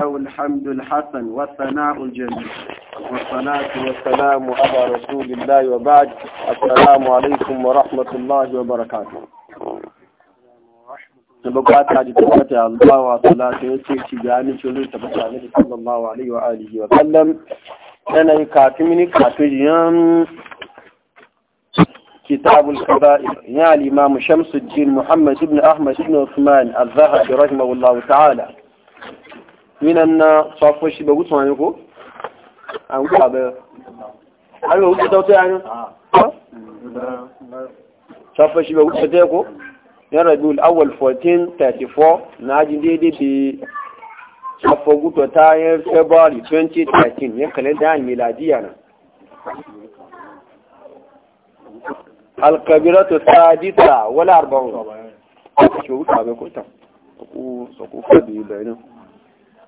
له الحمد الحسن والثناء الجميل والصلاة والسلام على رسول الله وبعد السلام عليكم ورحمة الله وبركاته نبقات da tabbata الله وصلاة wa salatu شلو ce ci صلى الله عليه وآله وسلم أنا يكاتمني alihi كتاب الكبائر يعني الإمام شمس الدين محمد بن أحمد بن عثمان الذهبي رحمه الله تعالى minan na safo shi ba gutsu ne ko an ku abe har ba gutsu tauta yana safo shi ba gutsu tauta ko yan rabiul awal 1434 na ajin daidai bi safo gutsu ta yan february 2013 yan kalenda yan miladiya na alkabiratu sadita wala arba'un ko ku sabe ko ta ko ku fadi bayanin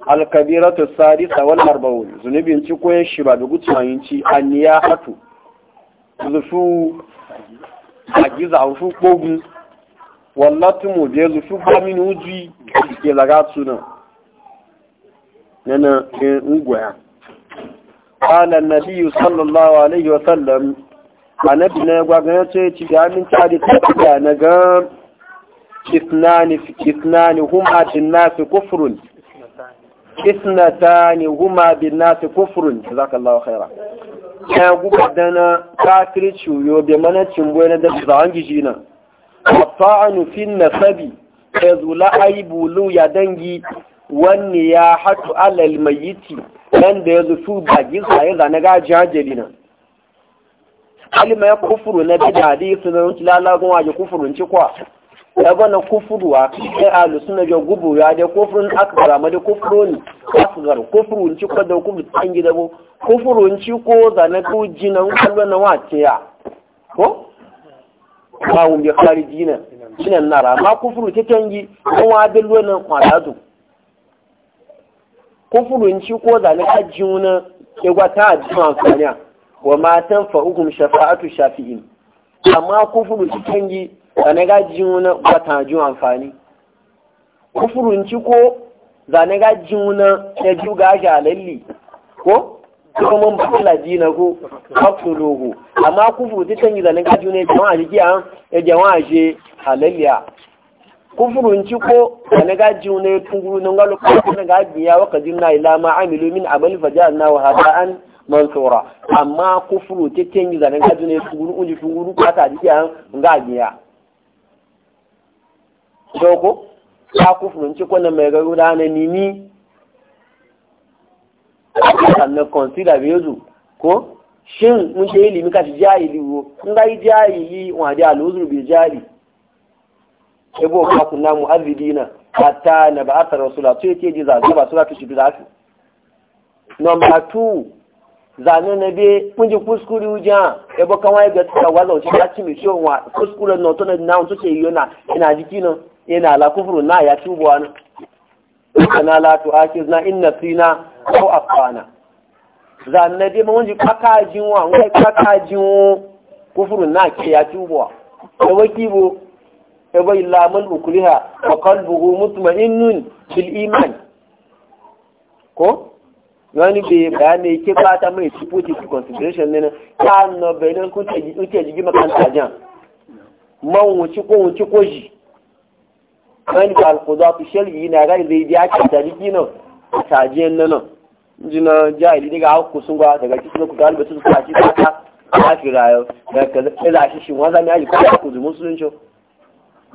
alkabiratu sadisa wal arba'un zunubin ci ko shi ba da gutsayin ci aniya hatu zufu agiza ufu kogun wallatu mu je zufu ba min uji ke laga suna nana in ungwaya qala an-nabi sallallahu alaihi wa sallam na annabi ne gwagana ce ci da min ta da na ga kitnani kitnani hum atin nas kufrun isnatani huma bin nasi kufrun jazakallahu khaira ya guba dana kafirci yo be mana cimbo na da zan giji ta'anu fi nasabi aibu lu ya dangi wanne ya hatu alal mayiti dan da yazo su da gisa ya zana ga jajeli na ya kufuru na bidadi sunan lalagun waje kufurun ci kwa yabana kufuru kufurwa, kai alu suna ga gubu ya da kufurin akbara ma da kufuru ne asgar kufurin ne ko da kufuru tsan gida ko kufuru ne ko zana ko jinan kallon na wace ya ko ba mun bi kharijina jinan nara ma kufuru ta tangi ko wa da lona kwadatu kufuru ci ko zana ka jiuna ke gwata a jiman saniya wa matan fa'ukum shafa'atu shafi'in amma kufurin ci tangi zane ga jin wani bata jin amfani kufurunci ko zane ga jin wani ya ji ga shi alalli ko kuma mun ba kula jina ko faktologo amma kufuru ta yi zane ga jin wani jama'a jiki a ya jama'a a halalliya kufurunci ko zane ga jin wani tunguru nan galo kuma ga biya wa na ila ma amilu min amali fajal na wa hada'an mansura amma kufuru ta yi zane ga jin wani tunguru unji tunguru kwata jiki a ga biya doko ya kufurin ci kwanan mai garu da hannun nini sannan consider bai yanzu ko shin mun ce ilimi ka ci jahili wo in ga yi jahili wa da aluzur bi jahili ebo ka kunna mu'azzibina hatta na ba asar rasula to yake ji zazu ba sura to shi da su number 2 zane na be mun ji kuskure wuja ebo kan wai ga ta wazo shi ta ci mi shi wa kuskure no to na na to ce yona ina jiki nan yana la kufru na ya tubu wani kana la tu akizna inna sina aw afana zan na dai mun ji kaka jinwa wai kaka jinwo kufru na ke ya tubu da waki bo da bai lamal ukliha wa qalbuhu mutma'innun bil iman ko wani bai bayani ke fata mai tuputi consideration ne ta no bayan kun ta ji ji makanta jan man wuci ko wuci ko ji kan da alkuda fi shari'i na gai zai ya ki da riki nan a tajiyan nan jina jahili daga haku sun gwa daga cikin ku galiba su ka ci ta ta fi rayo da ka ila shi shin wanda ne aji ko ku zumu sun cho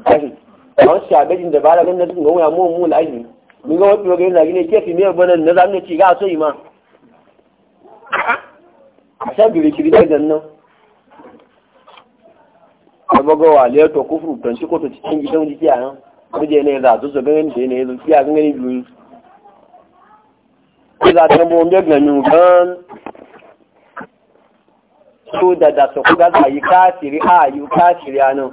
kashi a shi agajin da ba da ganin sun gwa mu mu laji mun ga wani ga zagi ne ke fi me bana na zan ci ga so ma. a sha bi rikiri da nan abagowa leto kufru don shi ko to cikin gidan jiki a nan kuje ne za su ganin da ne su fiya ganin biyu ko za ta bo mbe ganin kan so da da su kuga za yi kafiri a yi kafiri ano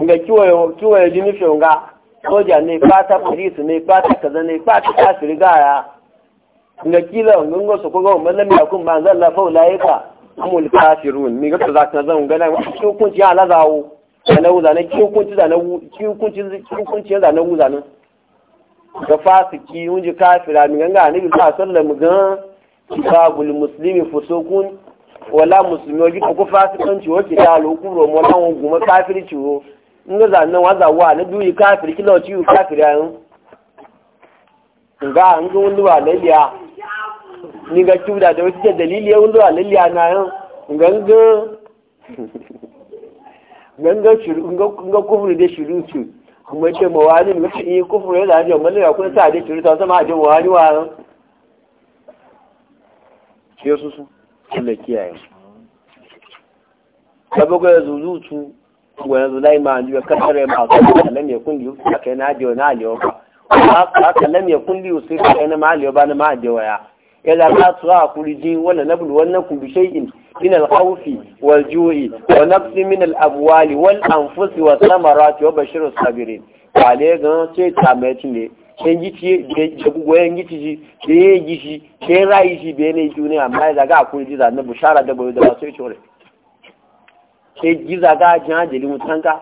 ga kiwayo kiwayo jini ga soja ne fata police ne fata kaza ne fata kafiri ga ya ga kila ngungo su kuga mun lam yakun ma zalla fa ulaika amul kafirun mi ga za ta zan ga na hukunci ala zawo zanen zanen kinkunci zanen kinkunci kinkunci zanen wu zanen ga fasiki yun ji kafira mi ganga annabi ba sallam ba babul muslimi fusukun wala muslimi waji ko fasikanci wake da lokuro mo lan guma kafirci wo in ga zanen waza wa na duyi kafir kilo ci kafira yun ga an ga wa laliya ni ga kiuda da wata dalili ya wani wa na ganga shiru ganga kufuri da shiru su kuma ce mawani mutum yi kufuri da hajji ya kun sa da shiru ta sama hajji mawani wa ke su su Allah kiyaye sabo ga zuzutu wa yanzu lai ma ji kasare ma ka lam ya kun a ka na na ba ya sai na ma na ma إذا ما أطغاكم لجين ولنبلونكم بشيء من الخوف والجوع ونقص من الأموال والأنفس والثمرات وبشر الصابرين عليكم سيتعمتني sai gici da goyen gici ji da ya yi gici da ya rayu shi da yanayi juni amma ya zaga akwai jiza na bushara da bai da masu yake wuri sai giza ga jin mutanka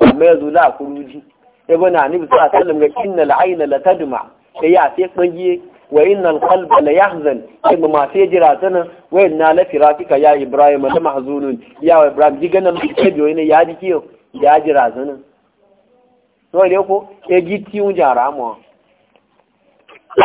amma ya zo za a ji ya bana ni bisa sallam ga inna la tadma sai ya sai wayin nan kalba la yahzan sai mu sai jira tana wayin na la firafika ya ibrahim la mahzunun ya ibrahim diga nan ke biyo ne ya ji kiyo ya jira tana to ne ko ya giti un jara mu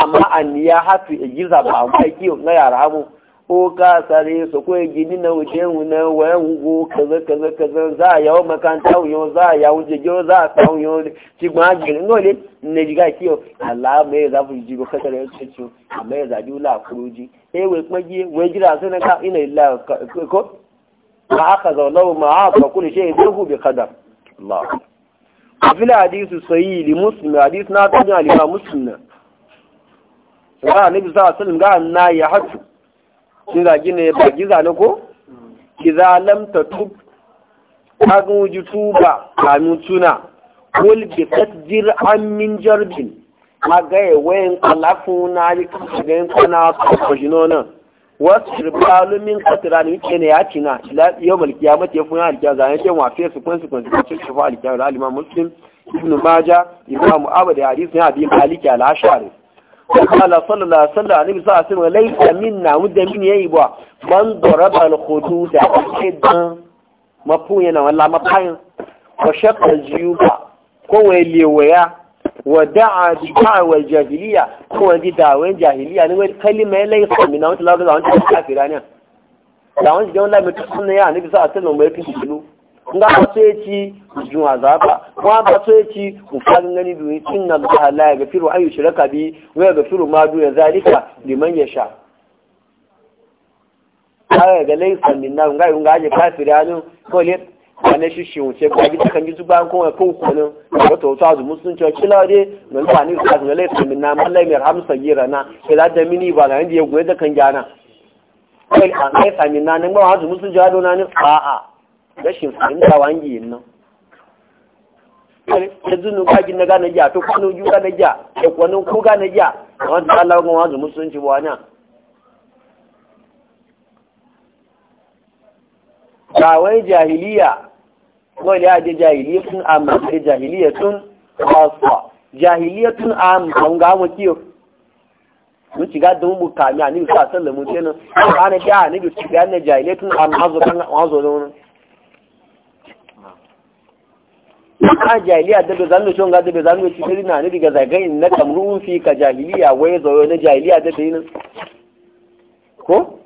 amma an ya hatu e giza ba mu kiyo na yara mu ko ka sare su kuwa gini na wuce wuna wayan hugu kaza kaza kaza za a yawon makanta wuyo za a yawo jirgin za a tsawon wuyo ne cikin agirin gole na jiga kiyo ala mai za fi jiro kasar yau cikin amma ya zaɓi wula a kuroji e we kuma gi wai jira su na ka ina illa ko ma aka zaunawa ma aka kakuni shi ya zai hube kada a fila hadisu sayi li muslimi hadisu na tabi alifa muslimi wa nabi sallallahu alaihi wasallam ga annayi hatu sun zagi ne ba giza na ko giza lam tatub kagun wuji tuba kamin tuna kul bi an min jarbin magaye wayan kalafu na yi kagayen kana kwashino nan wasu shirbalu min katira ne wike ne ya ci na yau malki ya mace funa alkiya zane ke wa fiye su kwanci kwanci kwanci shafa alkiya da alima muslim ibn maja imam abu da hadisi na abin maliki al ko ala sallallahu alaihi wasallam annabi sallallahu alaihi wasallam laysa minna wudda min yayi ba man daraba al khudud idan mafu yana walla wa ko shaqa jiyuba ko wele waya wa da'a bi da'wa al jahiliya ko wadi da'wa al jahiliya ni wai kalima laysa minna wudda min yayi ba da wani jawla mai tsunniya annabi sallallahu alaihi wasallam nga ba so yaci jun azaba kuma ba so yaci ku fadin gani domin inna Allah la yaghfiru an yushraka bi wa yaghfiru ma ya zalika liman yasha aya ga laysa minna nga yun ga je kafiri anu ko le wane shi shi wuce ga gita kan gizu bayan kowa kan kunin ga to ta zu musun ce kila de nan ba ni ka ga laysa minna mallai mai hamsa gira na ila da mini ba ga da ya goye da kan gana kai an laysa minna nan ba wa zu musun jado na ni a'a rashin fahimta wangi yin nan da zunu gaji na gane ja ta kwanu ju gane ja ta kwanu ko gane ja wanda Allah ga wazu musulunci ba wani ba wai jahiliya wani ya je jahiliya tun amma sai jahiliya tun kasuwa jahiliya tun amma an ga mu kiyo mun shiga don mu kami a ni sa sallamu kenan ba na da ni bi shiga ne jahiliya tun amma zo kan wazo da wannan a jahiliya da bai zanuwa da bai ci sai na ni zagayin na kamrun fi jahiliya wai na jahiliya da ko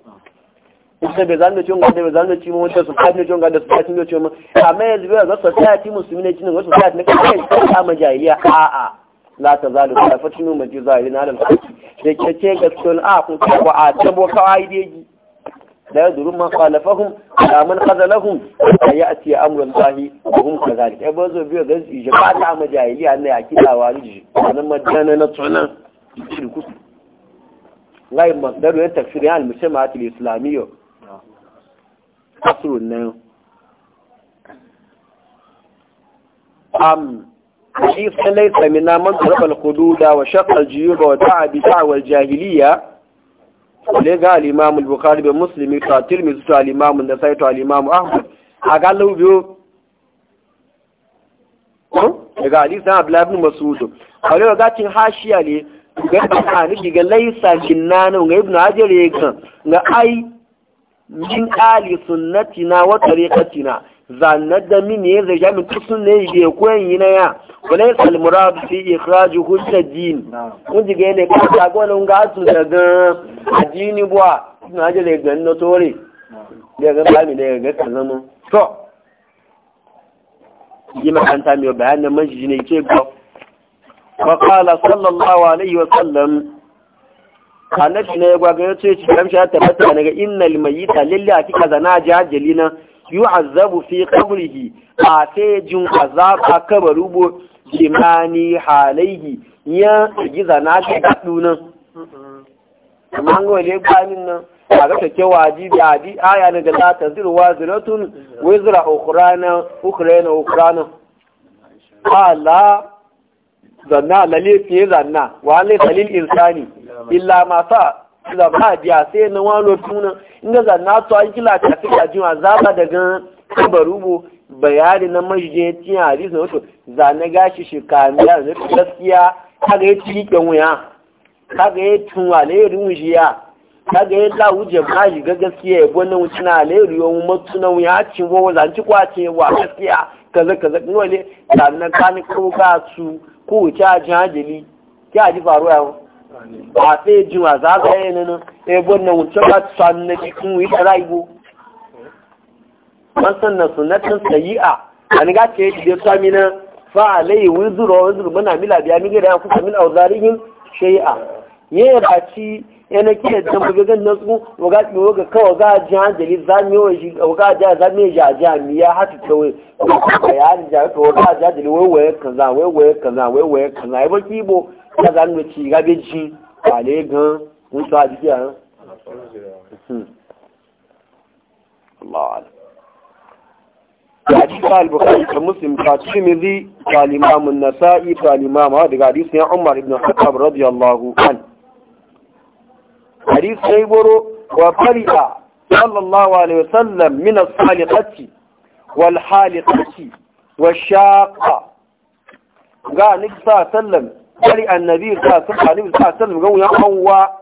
bai da bai mu su kafin da su kafin amma yanzu bai society musulmi ne cinin wasu society ta ma jahiliya la ta zalu ta fatinu mu ji na alam ke ce a ah, kun ko a tabo kawai dai لا يدرون ما خالفهم لا من خذلهم يأتي أمر الله وهم كذلك أبو زبير غز إجابة عام جاهلية أن يأتي الأوارج ولما جانا نطعنا يشركوا غير مصدر تكفير عن المجتمعات الإسلامية أصل النيو أم حيث ليس من من ضرب القدود وشق الجيوب ودعا بدعوى الجاهلية wale ga al’imamu bukari al musulmi, ta tirmidhi su al da saito al’imamu ahmad a ga biyu biyo ko daga hadisi na abdullah ibn wale ga tin hashiya ne ga ba ni diga laisa kinnana ga ibn ajiyar ya kan ga ai min ali sunnatina wata tariqatina zanna da min ne zai jami tusun ne ya koyan yi na ya Ganin Salimu Rabi fi Ikraji, hujja jihin, mun jigen yake karfe a gwanna unga, haza su daga a jini bua. Ina jin zai gani na Tore. Yi ma ba mi da yin gargajiya. Yi ma canza ba mi bayan na mun shi jin naice gwak. Baƙala, sallallahu alaihi wa sallam. A ne, ya gwakanin cin abinci a tafarka daga Inna Limayyatan. Lallai ake ƙazana aje a jarida. Yi ma a zabu fiye kafin yi afe jin a kimani halaihi ya giza na ta gaɗu nan amma an gwaje gwanin nan a ga take wajibi a bi aya na da za ta zirwa ziratun wizra ukraina ukraina ukraina ala zanna lalle fiye zanna wa lai salil insani illa ma sa da ba biya sai na wano tunan inda zanna to an kila ta fi ajin zaba daga kabarubo bayani na majiyacin hadisi na wato zane gashi shi kamiya da gaskiya kaga ya ci kyan wuya kaga ya tunwa lairi wujiya kaga ya la wuje ma shi ga gaskiya ya gwanin wuce na lairi yawon matu na wuya cin wawa zanci kwace wa gaskiya kaza kaza kuma ne zane kani ko ga su ko wuce a jin hajjali ki a ji faruwa yawon a sai jin wa za ka yi nan ya gwanin wuce ba su sannan cikin wuyi ta rayuwa man sanna sunnatan sayyi'a an ga ce da sami na fa alai wuzuru wuzuru muna mila biya mi gida ku samin auzarihin shay'a ye ba ci yana kike da mu ga nan su mu ga mu ga kawa ga jan jali zami wa shi ga ja zami ja ja mi ya hatu tawe bayani ja to ga ja jali wai wai kaza wai wai kaza wai wai kaza ai ba bo ka zan mu ci ga be ji ale gan mun ta ji ya hmm. Allah gadi al-bukhari da muslim ka tirmidhi ka imam an-nasa'i ka imam wa daga hadisi ya umar ibn khattab radiyallahu an hadisi sai goro wa farida sallallahu alaihi wasallam min as-saliqati wal haliqati washaqa ga nabi sallallahu alaihi wasallam bari annabi sallallahu alaihi wasallam ga wa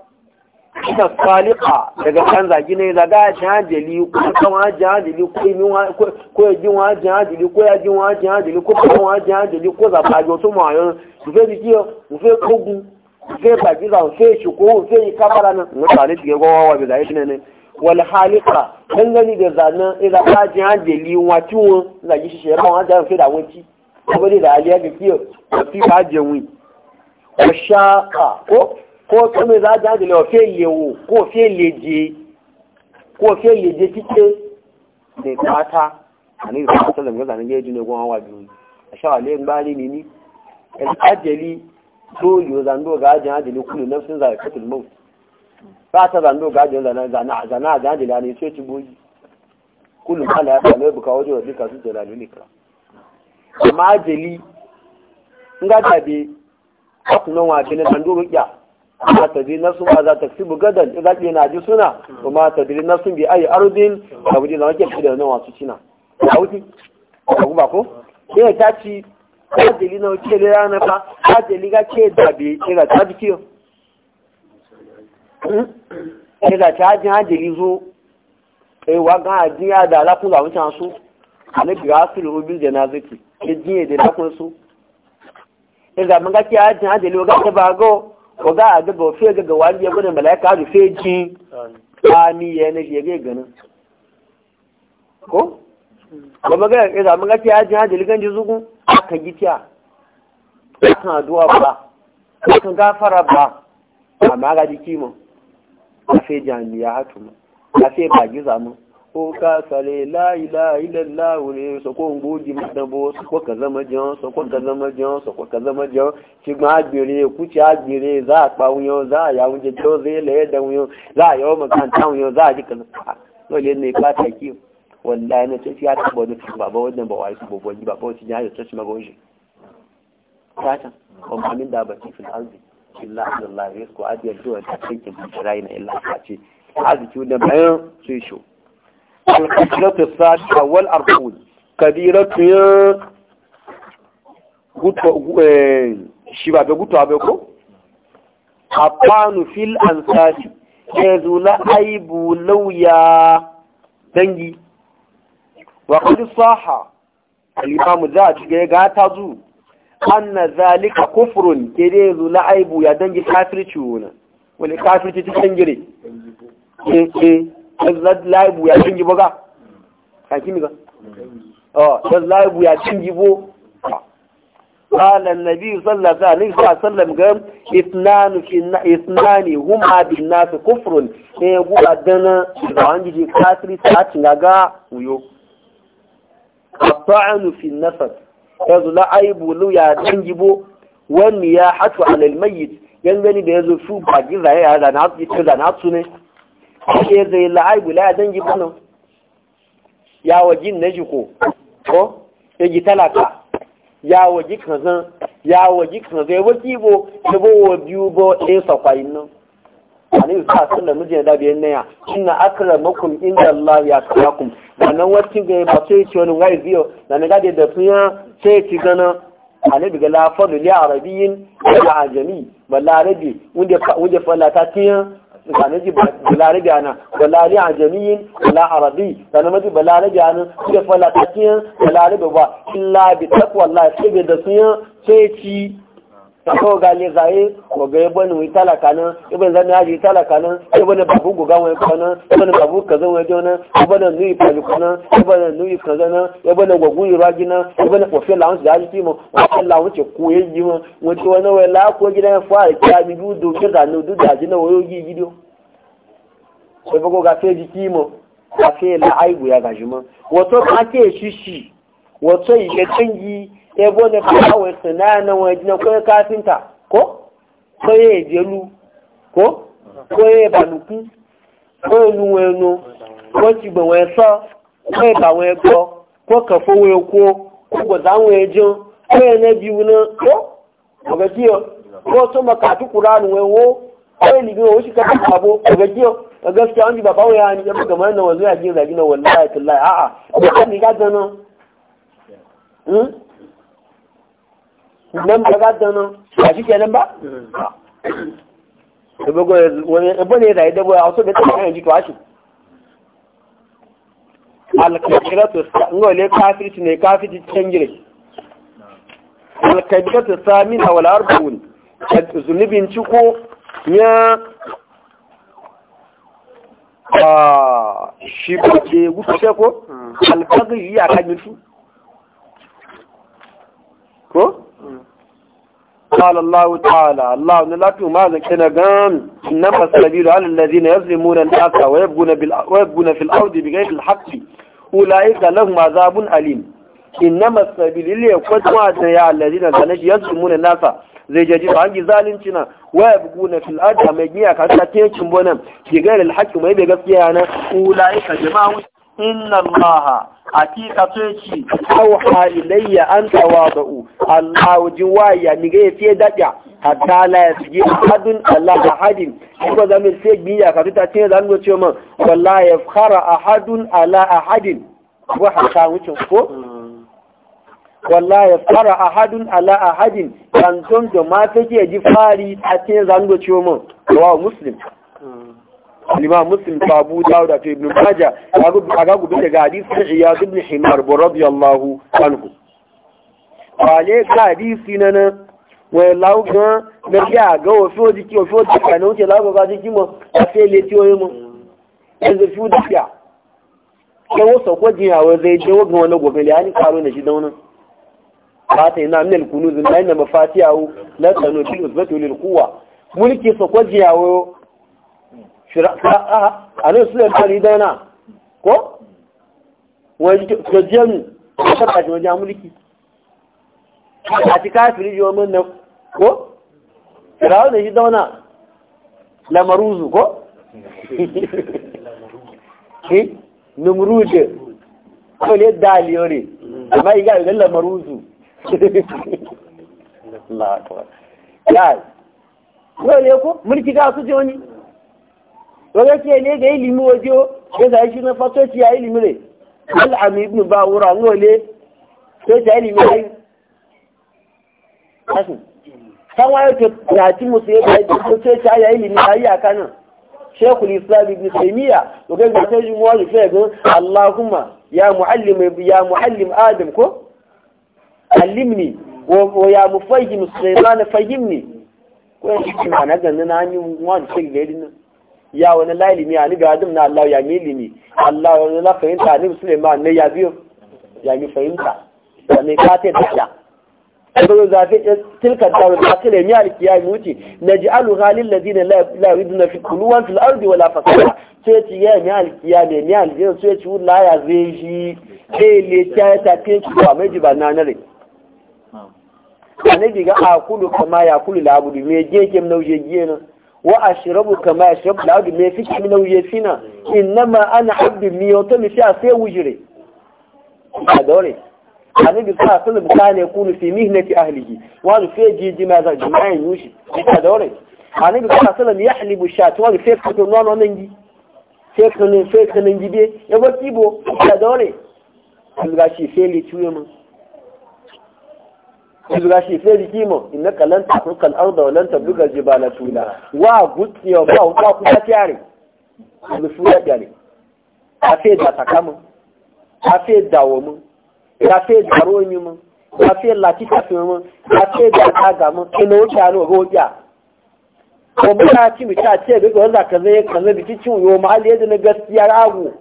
ita salika daga kan zagi ne zaga ya jin hajjali ko kan hajji hajjali ko ya jin hajji hajjali ko ya jin hajji hajjali ko kan hajji hajjali ko zaba jo to ma su fe biki su fe kogu su fe bagiza su fe shiko su fe yi kabara nan mutane su ke gowa wa bizaye shi ne wal halika kan gani da zana ila hajji hajjali wa ciwo zagi shi shi ran hajji da wanci ko da aliya ga kiyo fi hajjin wi ko shaka ko ko kame za ta hankali wa fiye lewo ko fiye leje ko fiye leje cike da fata a ne da sallam ga zanen yaji ne goma a sha wale ne ni el ajali to yo zando ga ajin ajali kullu nafsin za katul maut ba ta zando ga ajin zana zana zana ga ajali ne sai ci boji kullu kana ya kame buka waje wa duka su ne kira amma ajali in ga tabe akunan zando rukiya ma tadri nafsun ma za ta kasibu gadan idan ke na ji suna kuma tadri nafsun bi ayi ardin na wake da wasu cina ya wuce ka kuma ko sai ya ci ka deli na wuce da rana fa ka ga ce da bi kira ta bi kiyo kira hmm? ta ji ha zo eh wa ga ajiya da lafun da su ne ga su rubil ke jiye da lafun su mun ga ki ajin ga ta ko ga a gaga fe gaga wani ya gudun malaka da fe ji ami ya na shi ya ganin ko ba magana ya zama gafi ajin ji hajji ligan ji zugun aka gitiya kan aduwa ba kan gafara ba amma ga jiki mu a fe jami'a hatu mu a fe ba gizamu mu ko ka sale la ilaha illallah so ko ngoji madabo so ko ka zama jan so ko ka zama jan so ko ka zama jan ti ma agbere agbere za pa wuyan za ya wuje to ze le da wuyan za wuyan za ji ne ta ki ya ba wannan ba wai su bobo ji ya magoji da ba illa illa ta ce bayan shi alkasiratu sadiqa wal arba'un kabiratu ya guto shi ba be guto abe ko afanu fil ansari ke zula aibu lauya dangi wa qad saha al-imam zaji ga ga ta zu anna zalika kufrun ke dai zula aibu ya dangi kafirci wona wani kafirci ta dangire eh laibu ya cin gibo ga haki ne ga ah oh, sai laibu ya cin gibo qala an-nabi sallallahu alaihi wasallam gam itnan fi itnani huma bin nas kufrun eh gu adana zan ji katri sat ngaga uyo at'an fi nafas yazu laibu lu ya cin gibo wani ya hatu alal mayyit yan gani da yazo su ba da na su ne ke zai la'ai bula zan ji bana ya wajin na jiko ko ya ji talaka ya waji kazan ya waji kazan ya waki bo ya bo wa biyu bo ɗaya sakwayin nan alayhi sa sallar mijin da biyan naya inna akramakum inda Allah ya karakum wannan wacce ga ba sai ci wani wai biyo da na gade da tuya sai ci gana annabi ga la fadu li arabiyyin wa ajami ba arabi wanda wanda falla ta tiya sanin ji balare gana a jami'in wala arabi sanin maji balare gana su falatakiyan balare ba illa bi takwa Allah sai da sun sai ci sako ga le zaye ko ga yabo ni talaka nan ibn zan haji talaka nan yabo ne babu guga wai ko nan yabo ne babu kaza wai jo nan yabo ne nuyi fali ko nan yabo ne nuyi kaza nan yabo ne gogu iragi nan yabo ne ko fela hunsu haji timo ko fela hunsu ko yi mo wo ti wona wai la ko gidan fa ta mi du do ke da no du da ji na wo yi gidio ko ga fe ji timo ka fe la aibu ya ka ke shishi wato ya canji ya gode ka wai sana na waje na koyar kafinta ko ko ya yi jelu ko ko ya yi banuku ko ya nuwa eno ko ci ba wai sa ko ya ba wai ko ko ka fo wai ko ko ga zan wai jo ko ya na biyu na ko ko ga jiyo ko to ma maka tu qur'an wai wo ko ya ni go shi ka ta abo ko ga jiyo ga gaskiya an ji baba wai ya ni ga mana wanzu ya ji zagi na wallahi tallahi a'a ko ni ga zanan Hmm? nan ba ga dano ba shi kenan ba da hmm. bago wani abu ne da yadda boya wasu da ta kan ji to kwashi alkabiratu ngole kafirci ne kafirci cikin gire alkabiratu samina wal arba'un zunubin ciko ya a ah, shi ba ke wuce ko hmm. alkagiri ya kan mutu ko? Allah ta'ala Allah ne lafi ma zan kina gan nan ba sanabi da halin lazi na yanzu mu nan taka wa yabguna fil audi bi gaifin haƙƙi ula'ika lan ma zabun alim inna masabi lilya kwatuwa da ya lazi na sanabi yanzu mu nasa zai jaji ba hangi zalunci na wayabguna fil audi a mai giya ka ta tiyan cimbo nan bi gaifin haƙƙi mai bai gaskiya na ula'ika jama'a inna Allah hakika to ci aw halilayya an tawadu Allah ya ni ga fiye dadya hatta la yasji ahadun Allah ahadin ko da min sai biya ka ta ce da go ce man wallahi yafkhara ahadun ala ahadin wa hatta wucin ko wallahi yafkhara ahadun ala ahadin kan tun da ma take ji fari a ce da go ce man wa muslim الإمام مسلم أبو داود في ابن ماجه أقاب بيت حديث عياد بن حمار رضي الله عنه قال حديثنا ولاو كان نرجع جو فيو دي كيو فيو دي كانوا تي لاو غادي كيما افي ليتي ويمو انزو فيو دي كيا كيو سو كو جي هاو زي دي وغن ولا غو بلي اني كارو نجي دونا فاتي نا من الكنوز لا ان مفاتيحه لا تنو تي اثبتوا للقوه ملكي سو كو جي هاو a nan su yanzu da wana ko gajiyar mu ta kashi wajen mulki a ci kafiri ji wani nan ko firawun da shi da wana lamaruzu ko eh? numruje ko ne daliyore amma iga idan lamaruzu ya ko ne ko mulki ka su ce wani tí ne ga ilimi wajo ya zai shi na fasoci ya ilimi ne al'ami ibn ba wura ngole to ta ilimi ne kasu san wayo ke ya bai to ce ta ya ilimi ayi aka nan shekul islam ibn taymiya to ga ga sai mu wani sai ya ya muallim adam ko allimni wa ya mufahhim sulaiman fahimni ko shi ma na ganin na ni wani sai ga yadin ya wani la ilimi a ni ga adam na Allah ya mi ilimi Allah wani la fahimta ni Suleiman ne ya biyo ya mi fahimta sannan ka ta da Ibn Zafi tilka daru ta kile mi alkiya mi wuce naj'alu ghalil ladina la yuriduna fi kuluwan fil ardi wala fasada sai ci ya mi alkiya ne mi alkiya sai ci wala ya zai shi sai le ta ta kin ki ba mai ba nanare annabi ga akulu kama ya kulu labudu me je kem nauje giye na. wa ashrabu kama yashrabu al-abd me fiki sina? in nama ana abd mi yoto mi sha sai wujire adore annabi sa sallam kana yakunu fi mihnati ahlihi wa fi jiji ma za jama'a yushi adore annabi sa sallam yahlibu shat wa fi kato nono nan gi sai kanin sai kanin gibe ya ba kibo adore Allah shi sai li tuye mun izuga shi sai biki mu inna kallan tafruka kan arda wa lan tabluga al-jibala tula wa gutiya ba wa kuma ta tare lufu ya a fe da takamu a fe da mu a fe da romi mu a fe lati ta fe mu a fe da kaga mu ina o ta no goja ko mu ta ci mu ta ce daga wanda ka zai ka zai biki cin yo ma aliye da gaskiya ragu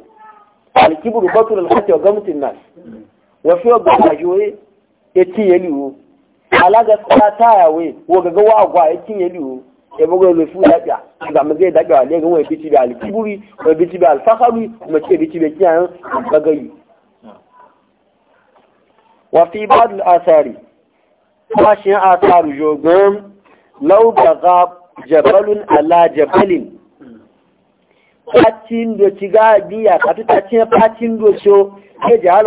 da kibru batul al-hati wa gamtin nas wa fi wa gajoye ya ci alaga ta taya we wo gaga wa gwa yakin ya liwo e bugo e le fu e daga ga mu zai daga le ga wai bici da alkiburi wai bici da alfahari kuma ce bici da kiyan bagayi wa fi ba'd al-athari fashin atharu jogon law baga jabalun ala jabalin fatin do ci e ga biya ka ta ce fatin do cho ke ji al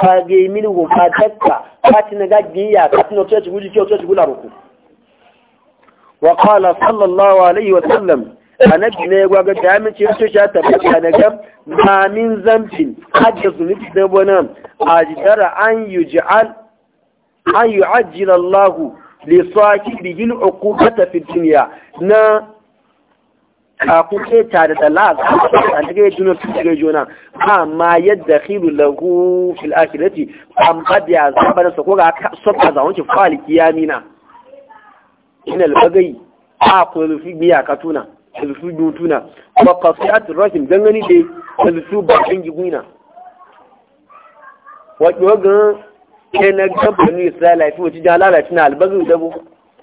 fage min go ka takka fatin ga biya ka tuno ce ci guji ce ci gula ruku wa qala sallallahu alaihi wa sallam annabi ne ga ga da min ce to sha tabbata na ga ma min zamtin hadda zunubi da bona ajdara an yuj'al an yu'ajjil Allah li sahibihi al-uqubata fi dunya na a sai tare da la'asa a daga juna sun cikin juna Ba amma yadda khilu lagu fil akhirati am qad ya zabara da ko ga sabba za wancin fali kiyamina ina albagai a ko lufi biya katuna lufi dutuna wa qasiat rahim dangane da lufi ba dangi guina wa dogan kenan gabanin israila fi wata jalala tana albagai dabo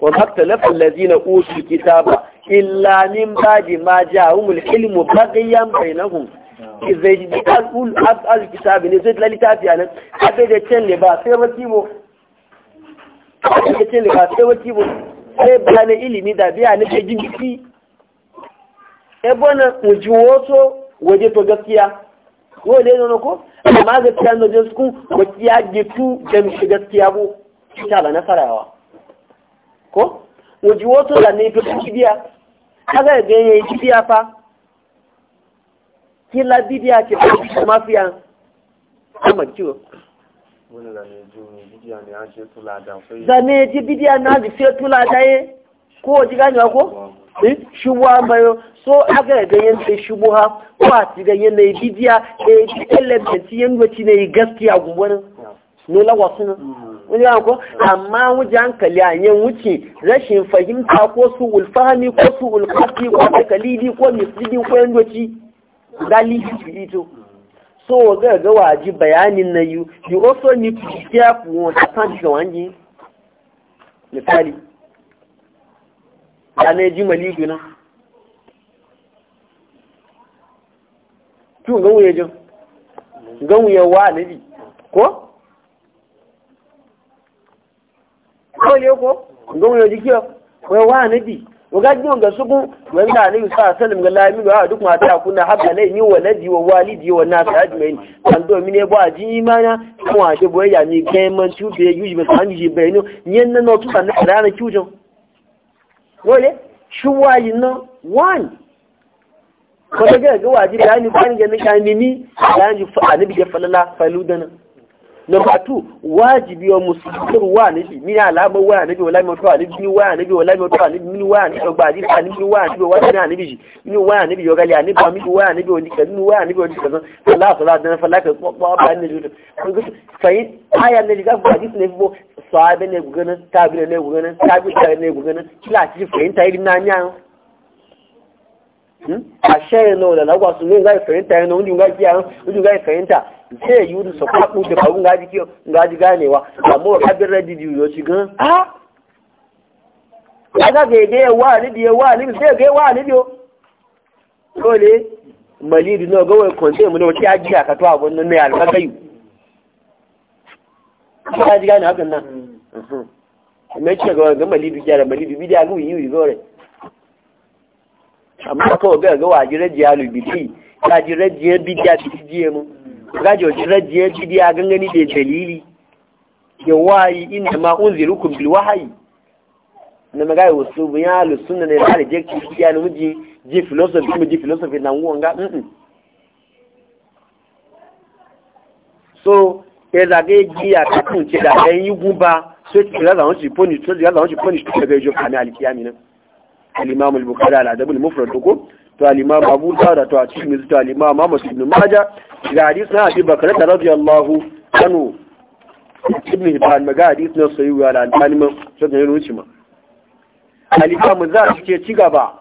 wa maktalafa lazina utul kitaba illa min ba'di ma ja a al-ilmu ba baghyan bainahum idza yajidul al kitab ne zai lalita fi anan abe da cin ne ba sai wakibo kace ne ba sai wakibo sai ba ne ilimi da biya ne sai jinki e bona uji woto waje to gaskiya ko le nono ko amma ga tsanda da su ko kiya gitu da mu shiga gaskiya bu ta la na farawa ko waje wato da ne fi bidiya kaga ga yi bidiya fa kila bidiya ke mafiya amma kiwo zane ji bidiya na ji sai tula daye ko waje ganewa ko eh, shubuha mayo so aga ga yanda shubuha ko a ti ga yanda bidiya eh, yi element yanda ci ne gaskiya gumbanin nuna wasu nan ko amma wuce hankali a yin wuce rashin fahimta ko su ulfahami ko su ulfafi ko takalidi ko mislidin ko doci galibi su ito so zai ga waji bayanin na yi yi oso ni fiye be careful when the sun ga wani misali ya na ji malidu na tun ganwuye jin ganwuye wa nabi ko kawai ne ko ga mu yodi kiyo wai wa nabi wa ga jiwon ga suku wani da nabi sa sallam ga lami ga duk mata ya kuna haka lai ni waladi wa walidi wa nasu ajmain kan do ne ba ji imana kan wa de boyya mi kai man tu be yuji ba san ji be no nyen na no tu san na rana kujo wole shuwa yin no one ko daga ga wajibi ani kan ga ni kan ni ni ya ji fa anabi ya falala faludana Number two, wajibi wa musulmi wa níbi mini alamar waya níbi wala mai tuwa níbi mini waya níbi wala mai tuwa níbi mini waya níbi ọgbà àdìsá níbi mini waya níbi wata ní àníbi jì mini waya níbi yọgali àníbi wa mini waya níbi oníkẹ mini waya níbi oníkẹ sọ sọlá sọlá dẹrẹ fọlá kẹ pọpọ ọba ní ìlú fẹyìn aya ní ìlú fún àdìsá ní fífọ sọ ne ní egungun tábìlì ní egungun tábìlì ní egungun kí láti fẹyìn táyìlì náà ní àwọn. Hmm? àṣẹ iná ọ̀nà lágbàsó ní nga ìfẹ̀yìntà iná oúnjẹ nga jí àrùn oúnjẹ nga ìfẹ̀yìntà ṣé èyí ó sọ pé àpò ìjọba ń gájí kí ngájí gáàní wa àmọ́ ọ̀gá bẹ̀rẹ̀ dìdì ìrọ̀ sí gan. agága ya wa nídìí ẹ̀wà níbi ṣé èdè ẹ̀wà nídìí o. ó lè mọ̀lì ìdùnnú ọgọ́wọ́ ìkọ̀ǹtẹ́ ìmúná wọn tí a jí àkàtọ́ amma kawai ga wa gawa ji rajiyar lubiti ka ji bi bidiya biki jiye mu ka ji wajen bi bidiya gangani da dalili da wayi inda ma unziru kun bil wahayi na magana wasu bin ya lusunna ne da reject bidiya na miji ji philosophy mu ji philosophy na nguwan ga so ya zage giya ta kunce da ɗan yi guba so sai ki raza wanci punish so ya raza wanci punish to daga ijo kami alkiyami nan al-imam al-bukhari al-adab al-mufrad ko to al-imam abu dawud to a cikin mizu al-imam muhammad ibn majah ga hadisi na abi bakr radiyallahu anhu ibn hibban ga hadisi na sayyid al-albani sai ne ruci ma al-imam za ke ci gaba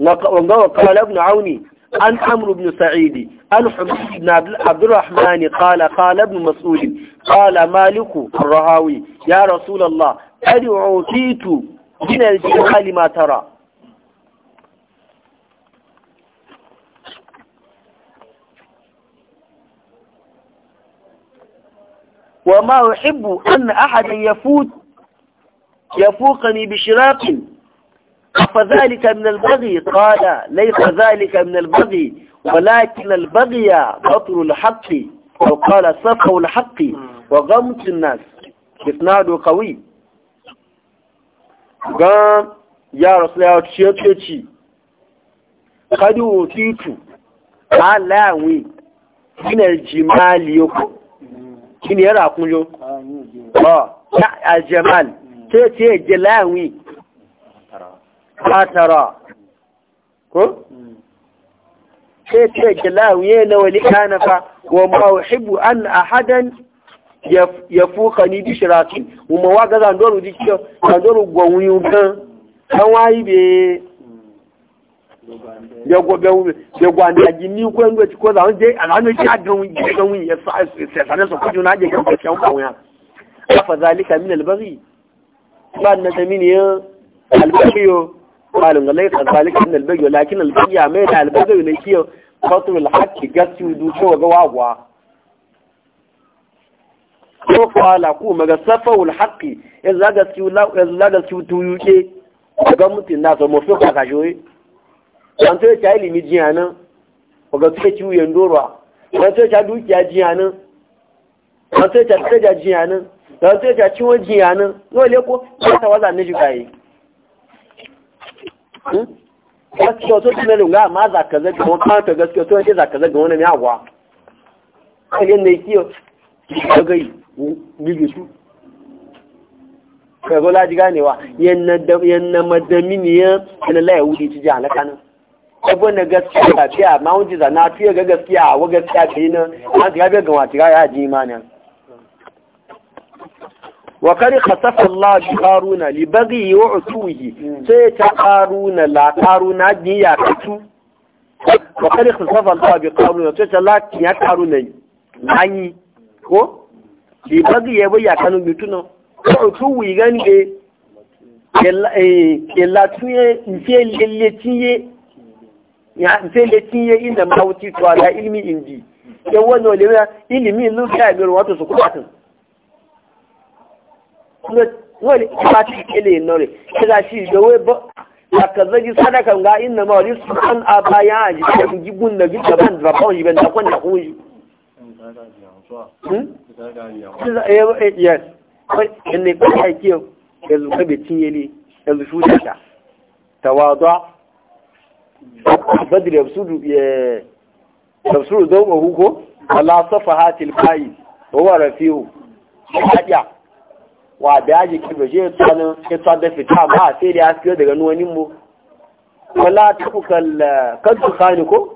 ابن عوني عن عمرو بن سعيد عن حبيب بن عبد الرحمن قال قال ابن مسعود قال مالك الرهاوي يا رسول الله أدعو فيتو من الجبال ما ترى وما أحب أن أحد يفوت يفوقني بشراق فذلك من البغي قال ليس ذلك من البغي ولكن البغي بطل الحق وقال قال صفه الحق وغمت الناس إثناد قوي gan ya rasu ya ce ce ci kadi otitu alawi kinar jimali yoko kini yara kunjo ba ah, ya jamal ce ce jalawi atara ko ce ce jalawi ne wali kana fa wa ma uhibbu an ahadan ya fuka ni bishiratin umma wa ga zandoru dikyo zandoru gwawun yukan kan wayi be ya gobe ya gwanda ji ni ko ndo ko za je alano ji adon ji don wi ya sa sa so ko juna je kan ko kan ko ya fa zalika min al-baghi ba na tamin ya al-baghi قالوا ليس ذلك من البغي ولكن البغي ما يدع البغي ولكن قطر الحق جسد وشوغ واغوا ko kwala ko maga safawul haqqi yanzu zaga la yanzu zaga ciwo tuyuke ga mutun na so so ka kashoye an to ya ilimi ji jiya nan ga to ciwo dorwa an to ya dukiya ji nan an to ya tsaja ji nan an to ya ciwo jiya no le ko ta waza ne ji jukaye hmm? gaskiya wato tunan lunga ma za ka zaga wani kanta gaskiya to ne za ka zaga wani mai agwa ne yin na ikiyo ga gari gige su kai zola ji ganewa yanna madaminiyar yana laye wuce ci ji halaka nan abubuwan na gaskiya gaskiya fiya ma wunci zana fiye ga gaskiya a wa gaskiya ta yi nan an ti gabe gama ti gaya ji imanin wa kari khasafa Allah karuna, libagi yi baghi wa yi, sai ta karuna la karuna ji ya kutu wa kari khasafa Allah bi qaruna sai ta la ya qaruna anyi ko li bagi ya bai kanu mituna ko tu wi gani e yalla eh yalla tuye lele tiye ya nfe tiye inda mawuti to ala ilmi indi ya wono le ilmi lu ka gero wato su kubatun wọ́n lè bá ti kéle iná rẹ̀ shi sí ìdọ̀wé bọ́ àkàzọ́jú zaji sadaka ga ban da ban da ban da ban da ban da ban da ban da ban da Hmm? Eh, eh, yes in ne ba ta kiyo yanzu ka bai cinye ne yanzu shuta ta tawada badri absudu eh, ya tafsuru zauba huko ala safahatil qaid wa huwa rafiu hadiya wa daji kibaje tsanin ita da fita ba sai da ya fiye daga nuwanin mu wala tukal kan tukani ko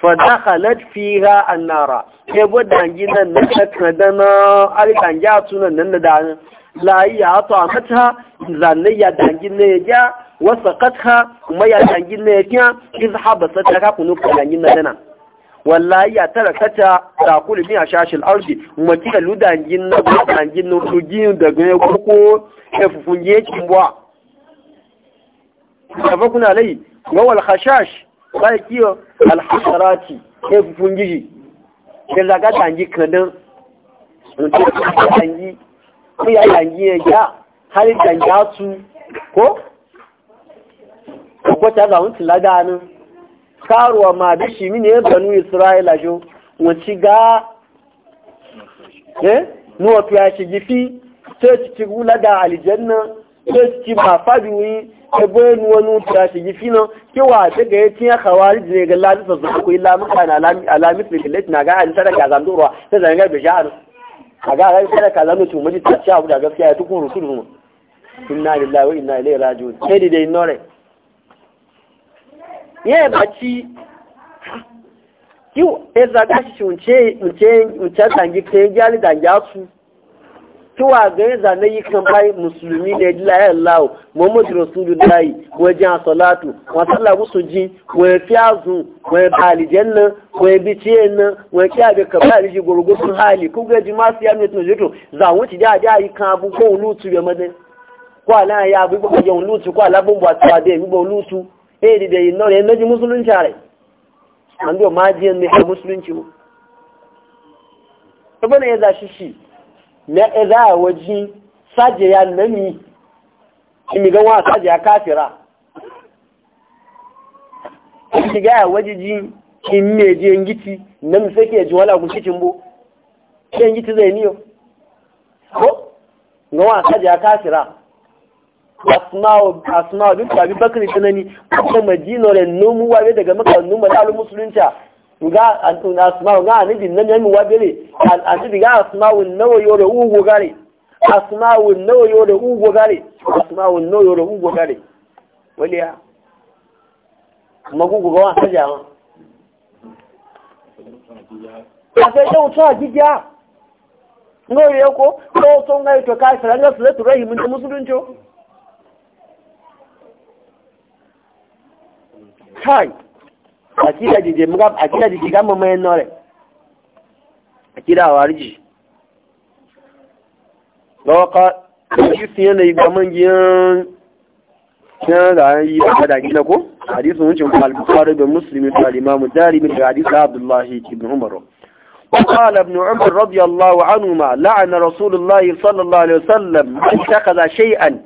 fadakalat fiha annara sai gwadan ginan na takada na arkan ya tunan nan da dan layi ya to amata zanne ya dangin ne ya wasa katha kuma ya dangin ne ya izhaba sadaka kunu dangin na dana wallahi ya tarakata ta kulu bi ashashil ardi kuma kika ludangin na dangin no da daga koko kin yake mbwa kafa kuna lai wal khashash ba kiyo alhasarati ke fufun gishi ke zaga tangi kanin mutum ya tangi ko ya tangi ya ja hali tanga su ko ko ta ga mutum ladanin karuwa ma da shi mini ya banu isra'ila jo wacce ga eh nuwa fiya shi gifi sai ci gula da aljanna sai ci ma fadiwi ebe wani wuta shi gifi nan kewa ta ga ya tiya kawari jini ga lamisa su kuwa lamuka na alamis da kilet na ga halitta da kazan doruwa ta zane ga bishar a ga halitta da kazan da ta sha da gaskiya ya tukun rusu duma inna lillahi wa inna ilaihi raji'un sai dai dai nore ye baci unce unce unce tangi dangi asu tuwa gani zane yi kan bayi musulmi ne ji layar lawo muhammadu rasulullahi wajen asalatu, wasu lagu su ji wani fiyazu wani balijen nan wani biciye nan wani kiya da kaba da ji gurgusun hali kun gaji masu ya mai tunajeto za a wuce da da yi kan abu ko lutu ya madai ko ala ya abu ko yawon lutu ko ala bun ba tuwa da yi ba lutu eh da da yi nore na ji musulunci a rai an biyo majiyan mai musulunci mu. Saboda ya zashi shi na eza waji saje ya nani kimi ga wa saje ya kafira kimi ga a waji ji kimi ne je ngiti nan sai ke ji wala gushi cimbo sai giti zai niyo ko ga wa saje ya kafira asma'u asma'u duk abi bakri tunani kuma madinore ran nomuwa daga maka numu da musulunta nga asma nga anibi nan yami wabele anibi ga asma wun nawa yore ugo gare asma wun nawa yore ugo gare asma wun nawa yore ugo gare Waliya, ya magugu ga wa haja ma afa da uta gidiya ngori yako ko to ngai to kai saranga sule to rahi mun musulunci kai akida jije muga akida jije ga mu mai nore akida warji loka shi sun yi ga mangiyan kan da yi da da gina ko hadisin wucin al-bukhari da muslim da imam darimi da hadisin abdullah ibn umar وقال ابن عمر رضي الله عنهما لعن رسول الله sallallahu alaihi عليه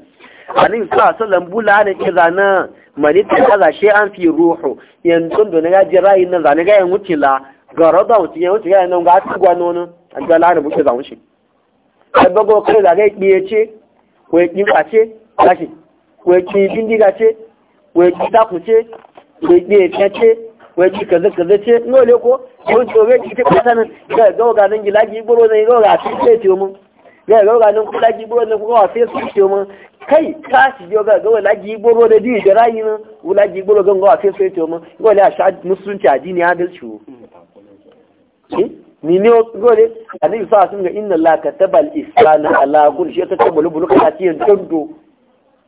anin sa sallan bula ne ke zana manita kaza she an fi ruhu yanzu da ga gaji rayi nan zana ga yan wuce la garo da wuce yan wuce ga nan ga ta gwa nan an ga lana buke za wuce. ai bago kai da kai biye ce ko kin kace kashi ko kin bindiga ce ko kin ta kuce ko biye ce wai ji kaza kaza ce no le ko ko to ga ji kaza sanan ga ga ga nan gilagi buro ne ga ga ce ce mu ga ga ga nan kula gi buro ne ko ga ce ce mu. kai ka shi yo ga gawa wala ji da di da rayi na wala ji boro ga gawa sai sai to mu ga wala sha musulunci a ya da ki ni ne gole annabi sa sun ga inna la kataba al isana ala shi shay tatabu bulu Ki dondo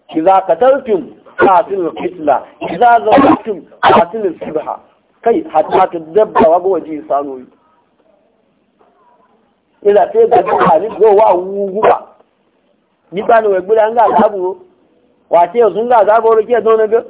idza qataltum qatil qitla idza zawtum qatil subha kai hatta dabba, wa ji sanu ila sai da hali go wa wuguba nípa ni wẹ̀ gbúra ń gà láàbùrú wà tí òsùn gà sáàbùrú kí ẹ̀dùn onígbó.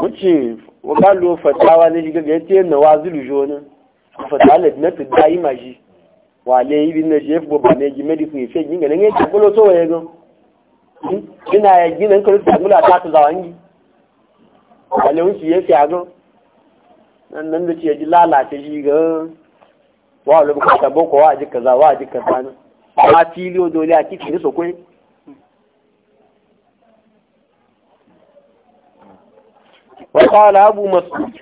Wuce wa kallo fatawa ne shiga ga yake na wa zulu jona fatawa ne na tudda yi maji wa le yi bin na jefu babba ne ji medicine fe ginga ne ya tabbalo to wa ya ina ya gina kan ta mula ta ta zawangi walin shi ya fiyago nan nan da ce ya ji lalace shi ga wa wala buka ta boko wa ji kaza wa ji kaza na ma filiyo dole a kike so kai wa qala abu mas'ud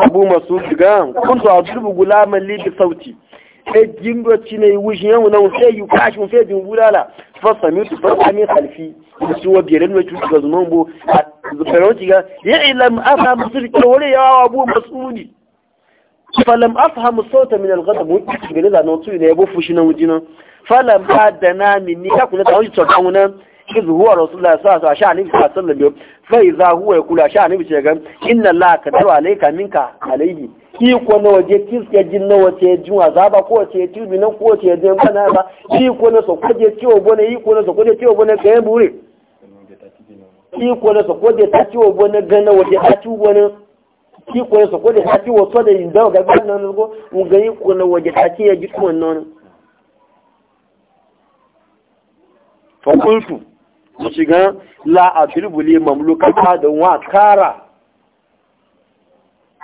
abu mas'ud ga kuntu adrubu gulaman li bi sauti sai gindo ci ne wujin, yau nan sai yi kashin sai jin bulala fa sami tu fa sami khalfi su wa biyaran wa tu ga zuman bo zubaran ci ga ya ilam afa musul ko wore yawa abu masuni falam afhamu sauta min al-ghadab wa kibila da notu ne bo fushi ba. min ni ka kula huwa rasulullah sallallahu alaihi wasallam sallallahu alaihi wasallam fa iza huwa yakula sha bi ce ga inna allaha kadara alayka minka alayhi iko na waje kiske jin na wace jin zaba? ko wace tibi na ko wace jin bana ba iko na so koje ciwo bone iko na so koje ciwo bone kayan Ki iko na so koje ta ciwo bone gana waje ta ciwo Ki iko na so koje ta ciwo so da yin dawo ga gana nan ko mun ga iko na waje ta ya ji kuma nan fa kuntu mu shiga la atribuli mamluka da wa kara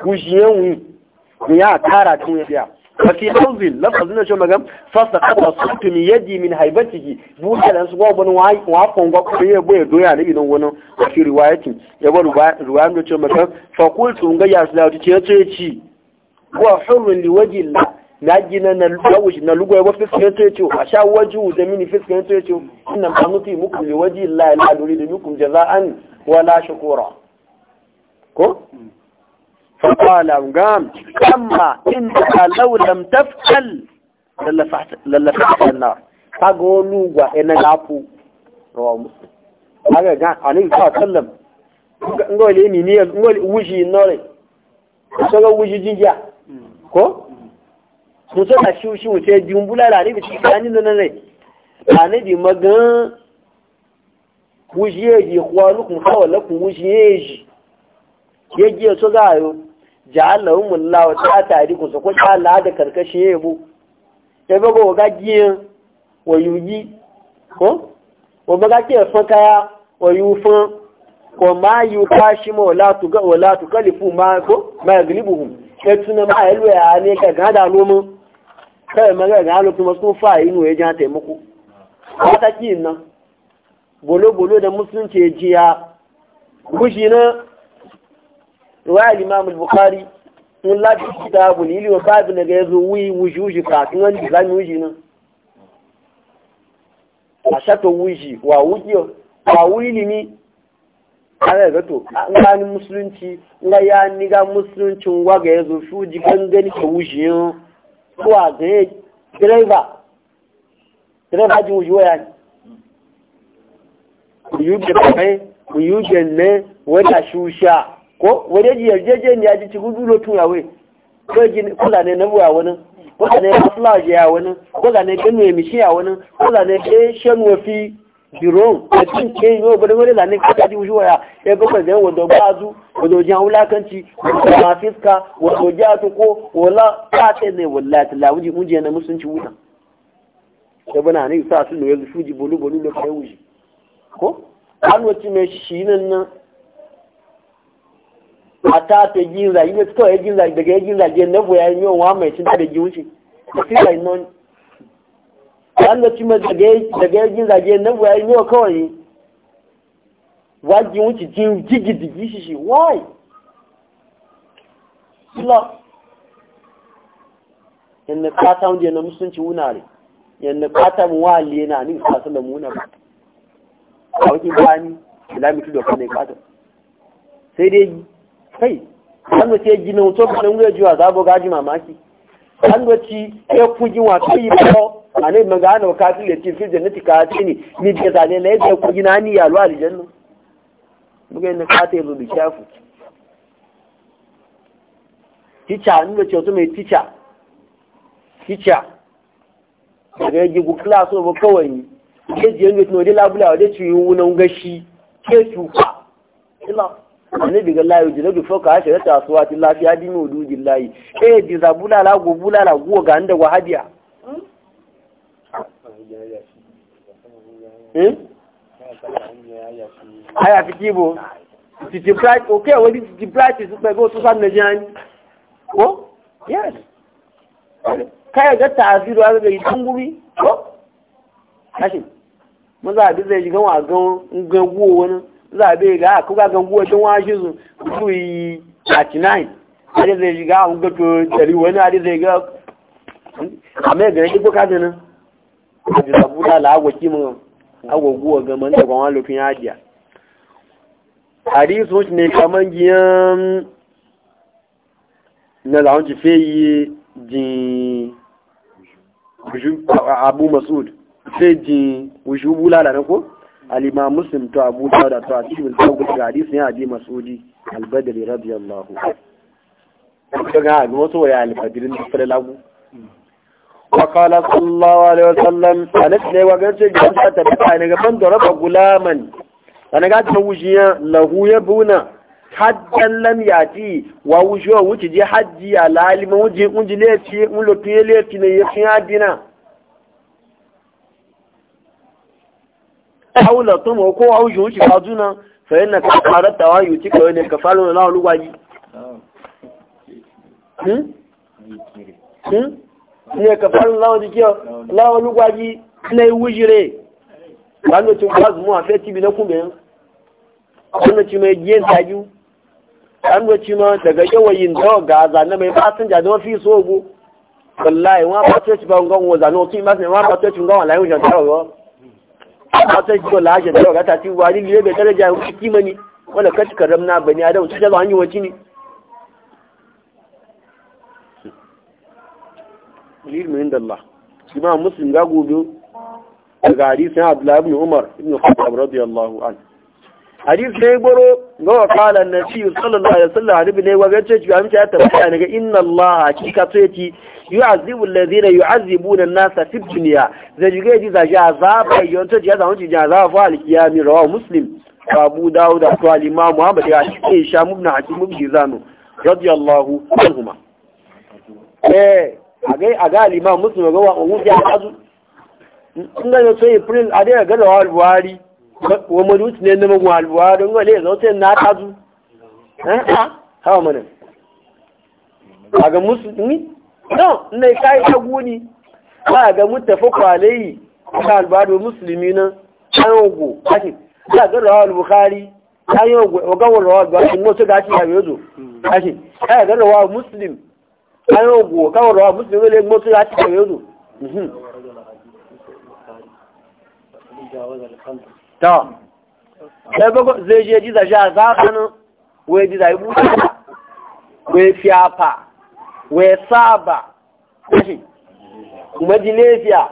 kujiyen wi ya kara tun ya biya fafi hauzin lafazin da shi magam fasa kasa sutu mi yaji min haibatihi buke da su gwabon wakon gwakon ya boye doya na idan wani wafi riwayatin ya ba ruwayan da shi magam fakul tun ga yasu da wuce ce ci wa hurrin liwaji la na gina na lawushi na lugo ya wafi fiye ce ce a sha waji da mini fiskar ta ce ina ba mutu muku liwaji la ya laluri da muku jaza'an wala shakura ko فقال قام أما إنك لو لم تفعل للفحت النار فقالوا وإن العفو رواه مسلم هذا كان عليه الصلاة والسلام نقول إني نيل نقول وجهي النار سوى وجه جنجا كو mutum a shi shi wuce jumbula da ne da kani da nan ne. a ne bi magan wujiye ji kuwa lukun kawai lukun wujiye ji Ya su za a ja'alahum Allah ta tari ku ko Allah da karkashi yebo sai ba go ga giye wa yuji ko wa ba ga fa kaya wa yufan ko ma yukashi mo la tu ga wala tu kalifu ma ko ma yaglibuhum sai tuna ma ayelu ya ne ka ga da lomo kai ma ga ga lo kuma sun fa inu ya ja taimako ko ta kin nan bolo bolo da musulunci ya jiya kushi na ruwa imam al-bukhari mun lati kitabul ili wa babu na ga yazo wi wujuji ka kin wani zami wuji nan a shato wuji wa wujiyo wa wili ni ana ga to an ni musulunci nga ya ni ga musuluncin wa ga yazo shuji kan gani ka wuji yo ko a ga driver driver ji wuji wa ni ku yi ne wata shusha ko wani ji yarjejeniya ji cikin duro tun yawe ko ji kula ne na buwa wani kula ne masla ya wani kula ne gano ya mishi ya wani kula ne ke shan wafi biron da cin ke yi wa bari wani lanin kasa ji wushi waya ya ga kwanzai wadda ba zu wadda ji wulakanci wadda ma fiska wadda ji a tuko wala ta ce ne wala ta lawuji unje na musulunci wuta ya bana ne sa su ne ya zuci bolu bolu da kai wuji ko an wacce mai shi nan nan ata ta yi zagi ne suka yi zagi daga yi zagi na boya yi yawan wa mai cin da gi wuce da fi zai non an da daga yi zagi na boya yi yawan kawai wagi wuce jin jigi digi shi shi why sula yanna kata wanda yana musulunci ne yanna kata mu wa yana ni kasa da muna ba a wakin bani da da kwanai kata sai dai kai an ce gina wuto kan ngwe jiwa zabo gaji mamaki an ci ya kuji wa kai ko ane magana ka tile ti fi jannati ka ne ni da zane le da kuji na ni ya lwa aljannu buga ne ka ta lu bishafu teacher an ce to mai teacher teacher daga yi gu class ko kawai ke labula ci gashi annabi ga layu jinabi foka ha shirya ta suwa ti lafiya dimi wudujin layi eh di za bulala hmm? go bulala go ga nda wa hadiya eh aya fi kibo titi price okay ti ti price su pego to san najani ko yes kai ga ta'aziru ga idan guri ko kashi maza bi zai shiga wa gan ga gawo wani zabe ga ku ga gangu don washi su ku yi 39 hadi zai shiga a ga dari wani hadi zai ga hmm? amma ga ni buka da nan hadi sabu da la agwaki mun agwaguwa ga man da gwan lokacin hadiya hadisu ne kaman giyan na lawon ci feyi jin abu masu. sai jin da na ko الإمام مسلم تو أبو داود تو أتيم الفوق الحديث يا أبي مسعود البدري رضي الله عنه كان موتو يا البدري نفر له وقال صلى الله عليه وسلم أنا سنة وقت جنت تبقى أنا قبل ضرب غلاما أنا قاعد نوجيا له يبونا حدا لم يأتي ووجوه وتجي حدي على علم وجه وجه ليتي ولو تيلي تيلي يخيا haula tumo ko aujun shi kazuna fa yana ka fara tawayu ci kawai ne ka fara na luwaji ne ka fara ne wujire wanda tun kwazu mu a feti bi na kuma wanda ci mai yin taju wanda ci ma daga yawayin dawa gaza na mai fatan da mafi sogo wallahi wa ba ci ba ngon wa zano tun ba sai wa ba ci tarawa a sai ko laje da ga ta ci wani ne bai daraja ku kimani wala ka ci karamna bani adam su da hanyar wacin ne ilmi inda Allah imam muslim ga gobe daga hadisin abdullahi ibn umar ibn khattab radiyallahu anhu hadis ne goro ga wa kala nabi sallallahu alaihi wasallam hadis ne wa gace ci amince ya tabbata ne ga inna allah hakika to yati yu'azibu alladhina yu'azibuna an-nasa fi dunya da jige ji zaji azaba yonto ji azaba ji azaba fa al-qiyami rawahu muslim abu dawud to al-imam muhammad ya shi sham ibn hakim ibn jizanu radiyallahu anhuma eh agai aga al-imam muslim ga wa ungu wuce azu in ga so april a dai ga da buhari wa maruci ne na magwalwa don wale zautin na tazu hawa mana a ga musulmi don na kayi ta guni ba ga mutafa kwalayi ta albado musulmi na ayogo ake ta ga rawar bukari ayogo ogawar ta sai a zai je ji da sha zakanin wai ji da yi buta wai fiyafa wai saba kashi kuma ji lefiya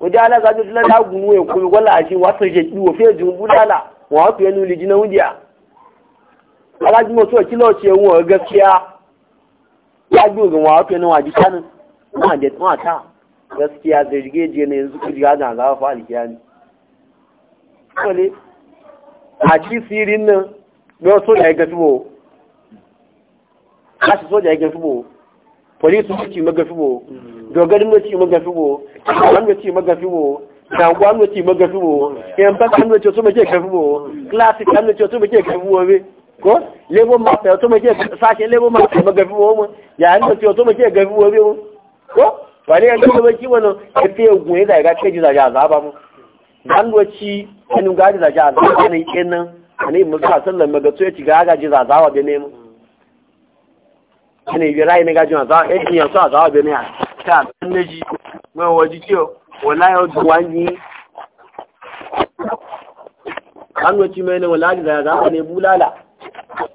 wajen ala zaɓi a da gunu ya kuma gwala a shi wasu je kiwo fiye jin budala wa wasu yanu liji na wudiya alájú mọ̀ tó ẹ̀kí wale hadisi nan bai soja ya gafi bo kashi soja ya gafi bo polisi ma ci ma bo dogarin ci ma bo kalan ma ci ma gafi bo tanko an ci ma bo yan baka an ci ma gafi bo classic kan ci ma gafi bo be ko lebo ma ta to ma ke sashe lebo ma ma bo mu ya ci ma gafi bo be mu ko wani an ci hannun gari da ja a ne kenan ne mu sa sallan maga to yaci ga gaji za zawa da ne mu eh, ne bi rai ne gaji za zawa yaci yanzu za zawa da ne ta ji? mai waji kiyo wallahi yau duwanji an wace mai ne wallahi da zawa ne bulala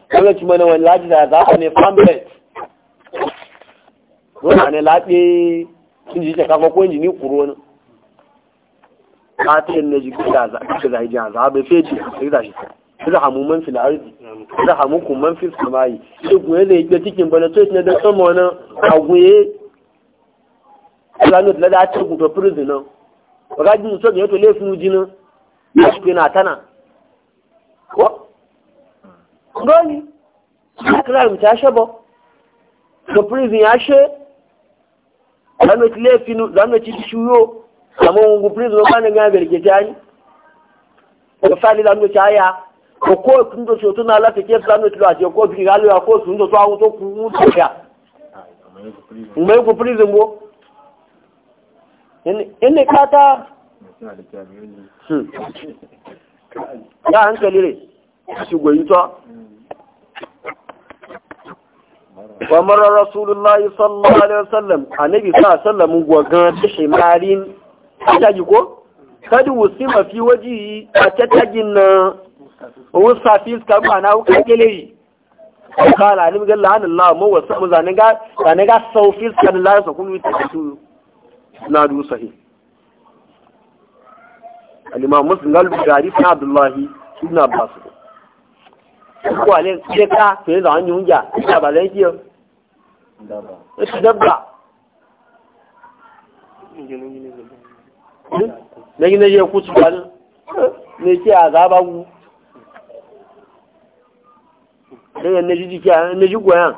an wace mai ne wallahi da zawa ne pamphlet wannan ne labe inji ta kafa ko inji ni kuro ne قاتل نجي كذا كذا هي جهاز بفيتي كذا شيء rahamu man fil ardi rahamu kun man fil samai duk wani da yake cikin bana to ne da sama wani aguye planet la da ta gufa prison ga ji so ne to lefu jina shi na tana ko gani crime ta shabo to prison ya she zamu ci àmọ́ ohun gbogbo prison ọgbà ní a ní ọ̀fẹ́ àlejò àmì òṣà yá òkú òtún tó ṣe òtún náà láti kí ẹ̀fẹ́ àmì òṣèlú àti òkú òtún ìgbà lóyún àkó òtún tó tó àwọn tó kú ń tó yà ìmọ̀ ikú prison wo ẹni pátá yá à ń tẹ̀lé rẹ̀ ṣùgbọ́n yìí tọ́ ومر رسول الله صلى الله عليه وسلم النبي صلى الله عليه وسلم tattagi ko kadi wusi mafi waje a tattagin na wusa fi suka mana wuka kele yi kala ni ga lahanin lawa mu wasu mu zane ga zane ga sau fi suka ni lawa sakun yi tattatu na du sahi alimam muslim gal bukari na abdullahi ibn abbas ko ale ke ka fe da an ja ta ba lan kiyo dabba e dabba na gina je kutu ba ne ke a zaba daga na ji jiki a na ji goyan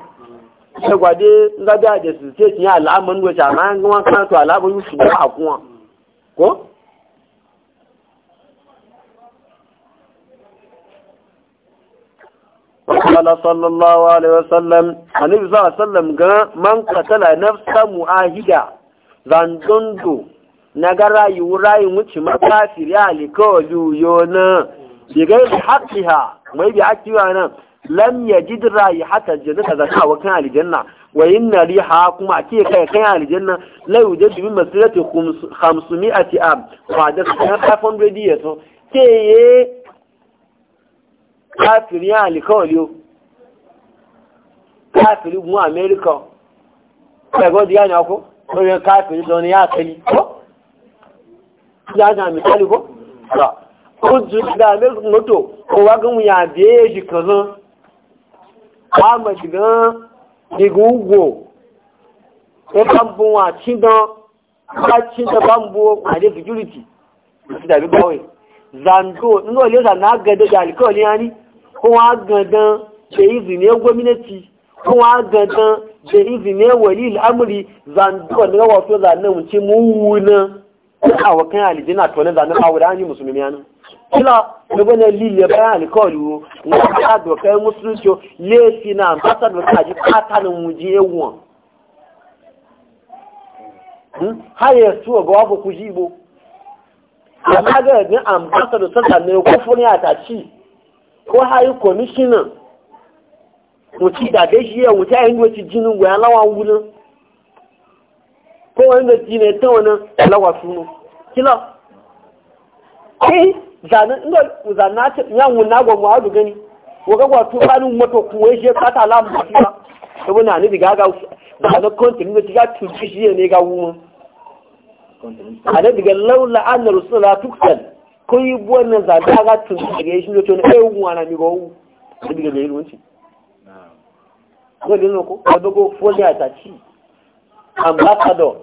sai gwade zabi a da su ce yi al'amman wace a yan gama kan to al'amman yi su ba a kuwa ko قال صلى الله عليه وسلم النبي صلى الله عليه وسلم من قتل نفسا مؤاهدا ذا دندو na ga rayu rayu wuce makafir ya alikawali yo na yi haƙi ha mai bi haƙi wa nan lam ya yajid rayu hata jannata zaka wa kan aljanna wa yin na inna ha kuma ke kai kan aljanna la yujad bi a ti a kwadar su kan 500 to ke ye kafiri ya alikawali yo kafiri mu amerika ko ga diga ne ko ko kafir don ya kali ko za ga misali ko ba ko da ne moto ko wa gan ya biye shi kaza ama shiga diga ugwo ko bambu wa cinda ba cinda bambu a da security su da bi bawai zando in ga lesa na gada da ya ni yani kuma gadan da izini gwamnati kuma gadan da izini wali al'amuri zando ne wato na wuce mu wuna a wakan alijina to na zanen awu da an yi musulmi kila gbogbo na lile bayan alikọọlu wo na ya dokai musulunci lefi na ambassador ta ji katanin wuji ewuwan har yă suwa ga wabu ku jibo amma ga yadda ambassador ta zanen ya ta ci ko hayi commissioner wuci da dai shi ya wuce a yi wuce ko wanda ci ne ta wani lawa suno kila kai zanen inda zanen ta yan wuna ga mu'adu gani waga wato halin mato kuwa shi ka ta lamu ba kila to na ni diga ga da na kontin ne diga tu shi ne ga wu ala diga laula an rusula tukal ko yi buwan za ta ga tu diga shi ne to ne ai eh, wu ana mi go wu diga ne ruwanci ko dinu ko ko ko foliya ta ci ambassador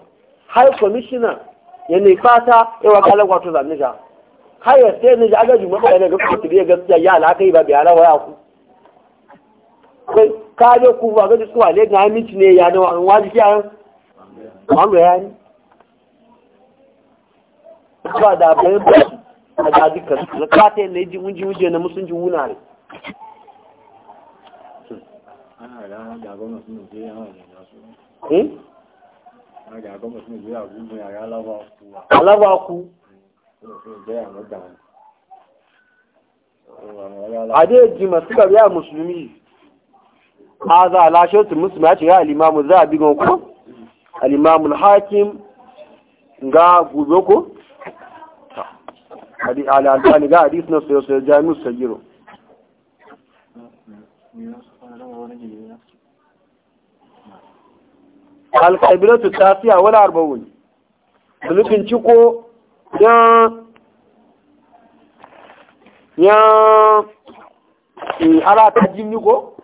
har commissioner ya ne fata ya wa kalan kwato zanne nija, har ya sai ne aga juma ba ne ga ya gaskiya ya alaka yi ba bi ala waya ku kai ka je ku ba gaji su ne ga aminci ne ya waji ki an ya ba da bayan ba a na kata ne ji na musun ne ana da wa ne alábàákú adé jimọ̀ sí kàrí à a haza aláṣọ́tù musulmi a ce ya alimamu za a bigan ku alimamun hakim ga gobe ku al'adani ga hadis na soyosoyo jami'u sagiro alƙabilatu ta fiya wani arba'un zulufin ciko ya ya ara ta jini ko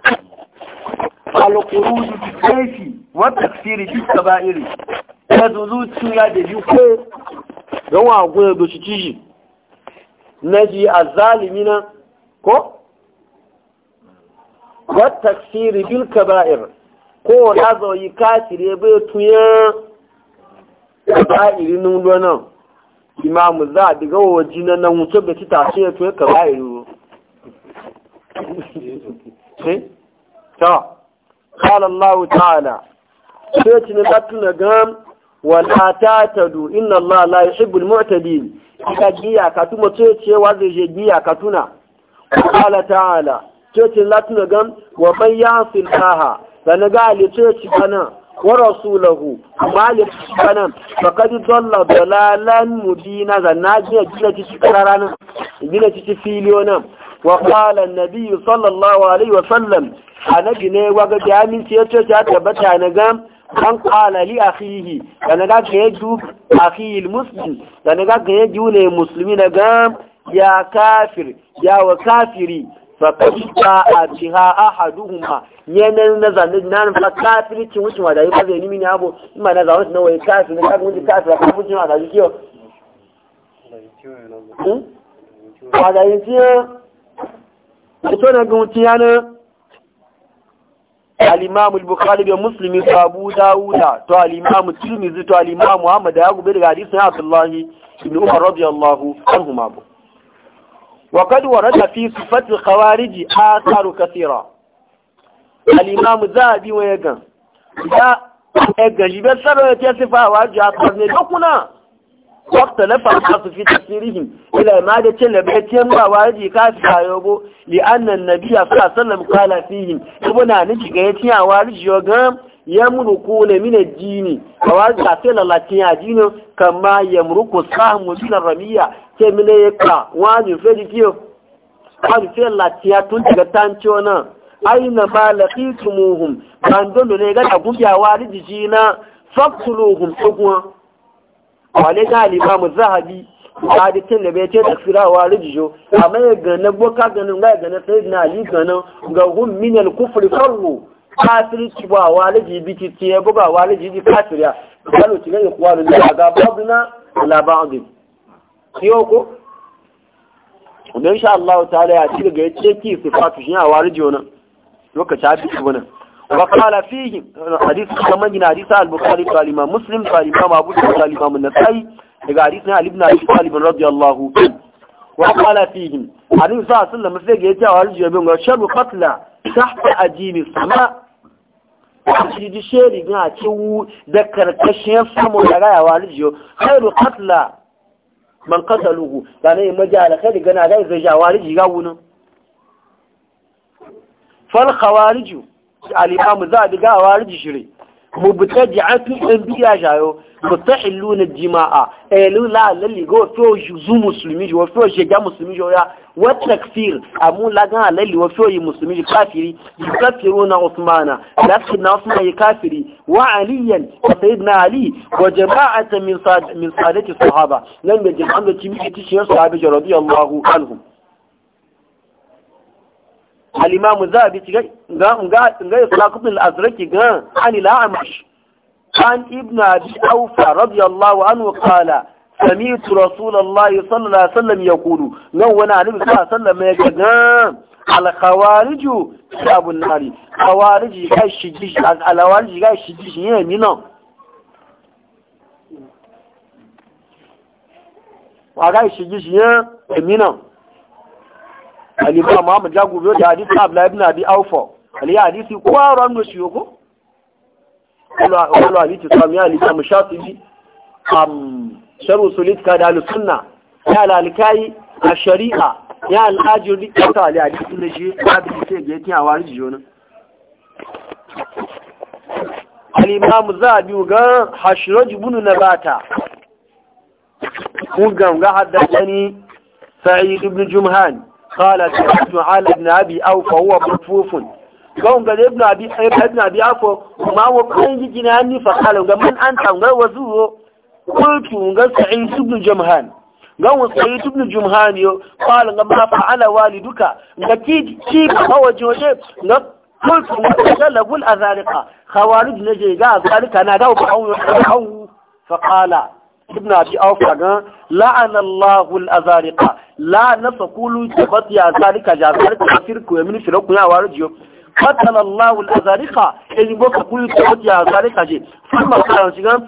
alƙurudu kaifi wata tsiri duk ta ba'iri ya zuzu tsira da biyu ko don wa gudu da shi ji. na ji a zalimi na ko wata tsiri bil kaba'ir ko lazo yi kafire bai tuya kaba'iri nun lona imamu za a diga wa jina nan wuce bai ci tashe ya tuya kaba'iri ro eh? ta kala Allah ta'ala sai ci na tattuna gam wala ta tadu inna Allah la yuhibbul mu'tadin ka giya ka tuma ce cewa zai je giya ka tuna kala ta'ala cocin latin gan wa man yasil laha da na ga alicoci bana wa rasulahu malik bana faqad dalla dalalan mubina da na ji gina ci kararana gina ci filiyona wa qala na biyu, sallallahu alaihi wa sallam annabi ne waga da aminci ya coci ta tabbata na gan an kala li akhihi da na ga ya ju a al-muslim da na ga ya ju ne musulmi na gan ya kafir ya wa kafiri faƙaƙa a ciha a haduhuma yanar na zane na nufa kafircin wucin wadayi ba zai nimi ne abu ima na zaune na waye kafin na kafin wucin kafin kafin wucin wadayi kiyo wadayi tiyo ito na ga yana alimamu bukhari bin muslimi sabu dawuda to alimamu tirmizi to alimamu muhammad ya gube daga hadisin abdullahi ibn umar radiyallahu anhu وقد ورد في صفة الخوارج آثار كثيرة الإمام الذهبي ويقن لا أجيب السبب يصفها وأرجع أصدني لقنا واختلف الناس في تفسيرهم إلى ما دتل بيتهم أواجه كافي أيوبو لأن النبي صلى الله عليه وسلم قال فيهم ابنا نجي قيتنا أواجه يقن يمرقون من الدين وواجه كافي لله تنيا دين كما يمرق السهم من الرمية kemine ya ka wani fedi kiyo wani fiye latiya tun daga tanciyo nan aina ma laqitumuhum ban dondo ne ga gubiyawa rijiji na faktuluhum tsuguwa wale ga alimamu zahabi a dikin da bai ce tafsirawa rijijo amma ya gane boka ganin ga gane sai na ali ganin ga hum min al kufri farru kafiri kiba waliji biti tiye buga waliji ji kafiriya kalu tiga ikwanu da ga babuna la ba'd yau ko don sha Allah ta'ala ya ci daga yace ki sifatu shi a warji wannan lokaci a duk wannan wa qala fihi hadith kuma gina hadith al-bukhari da imam muslim da imam abu da imam an-nasa'i daga hadith na ali ibn abi talib radiyallahu anhu wa qala fihi hadith sa sallam sai ga yace a warji bin ga sharu qatla tahta ajimi sama shi ji sheri ga ci da karkashin samu da rayawa rijiyo khairu qatla man qataluhu kana yin da kai daga na zai zai jawariji ga wuna fal khawariju al-imam za diga wariji shiri mubtadi'atu an biya jayo na jima'a elu la lalli go to yuzu muslimi jo to je ga muslimi jo ya wata takfir amu la ga lalli wa to yi muslimi kafiri yukafiruna usmana lakinna usman yi kafiri wa aliyan wa sayyidina ali wa jama'a min sad min sadati sahaba nan da jama'an da timi ita shi sahabi radiyallahu anhum alimamu za a bi cikin ga ya kula kufin al'azraki gan an an ibn abi aufa radiyallahu anhu kala سمعت رسول الله صلى الله عليه وسلم يقول نو وانا صلى الله عليه وسلم يقول الخوارج شعب النار خوارج شجيش شجيش شجيش alima mamu jagu biyo da hadisi abla ibn abi aufa ali hadisi kwa ranu shi yoko wala wala hadisi sami ali ta shatibi am sharu sulit ka da sunna ya alalikai a shari'a ya al'ajiri ta ali hadisi ne je bi sai ga tiya Alimamu za al-imam zabi ga hashraj ibn nabata kun ga ga haddani sa'id ibn jumhan kala da ibn ali ibn abi aw fa huwa matfufun kawun ga ibn abi ibn abi aw fa ma wa kan yi gina ni fa kala ga man an ta ga wazu kuntu ga sa'in ibn jamhan ga wa sa'in ibn jamhan yo kala ga ma fa ala waliduka ga ki ki ba wa jode ga kuntu a lagul azariqa khawarij na je ga a azariqa na ga ba aw fa kala ibn abi auf kaga la'ana Allahu al-azariqa la nasqulu tabat ya zalika jazar kafir ku yamin shirku ya warjiyo qatala Allahu al-azariqa in bo ka kulu tabat ya zalika je kuma kan shiga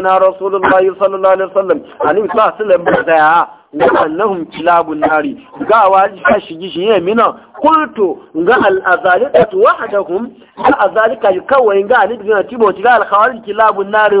na rasulullahi sallallahu alaihi wasallam ani sa sallam da wa'annahum kilabun nari ga waji ka shigi shi ne mina kultu ga al-azariqa wahdahum ga azalika kawai ga ni ga tibo ga al-khawarij kilabun nari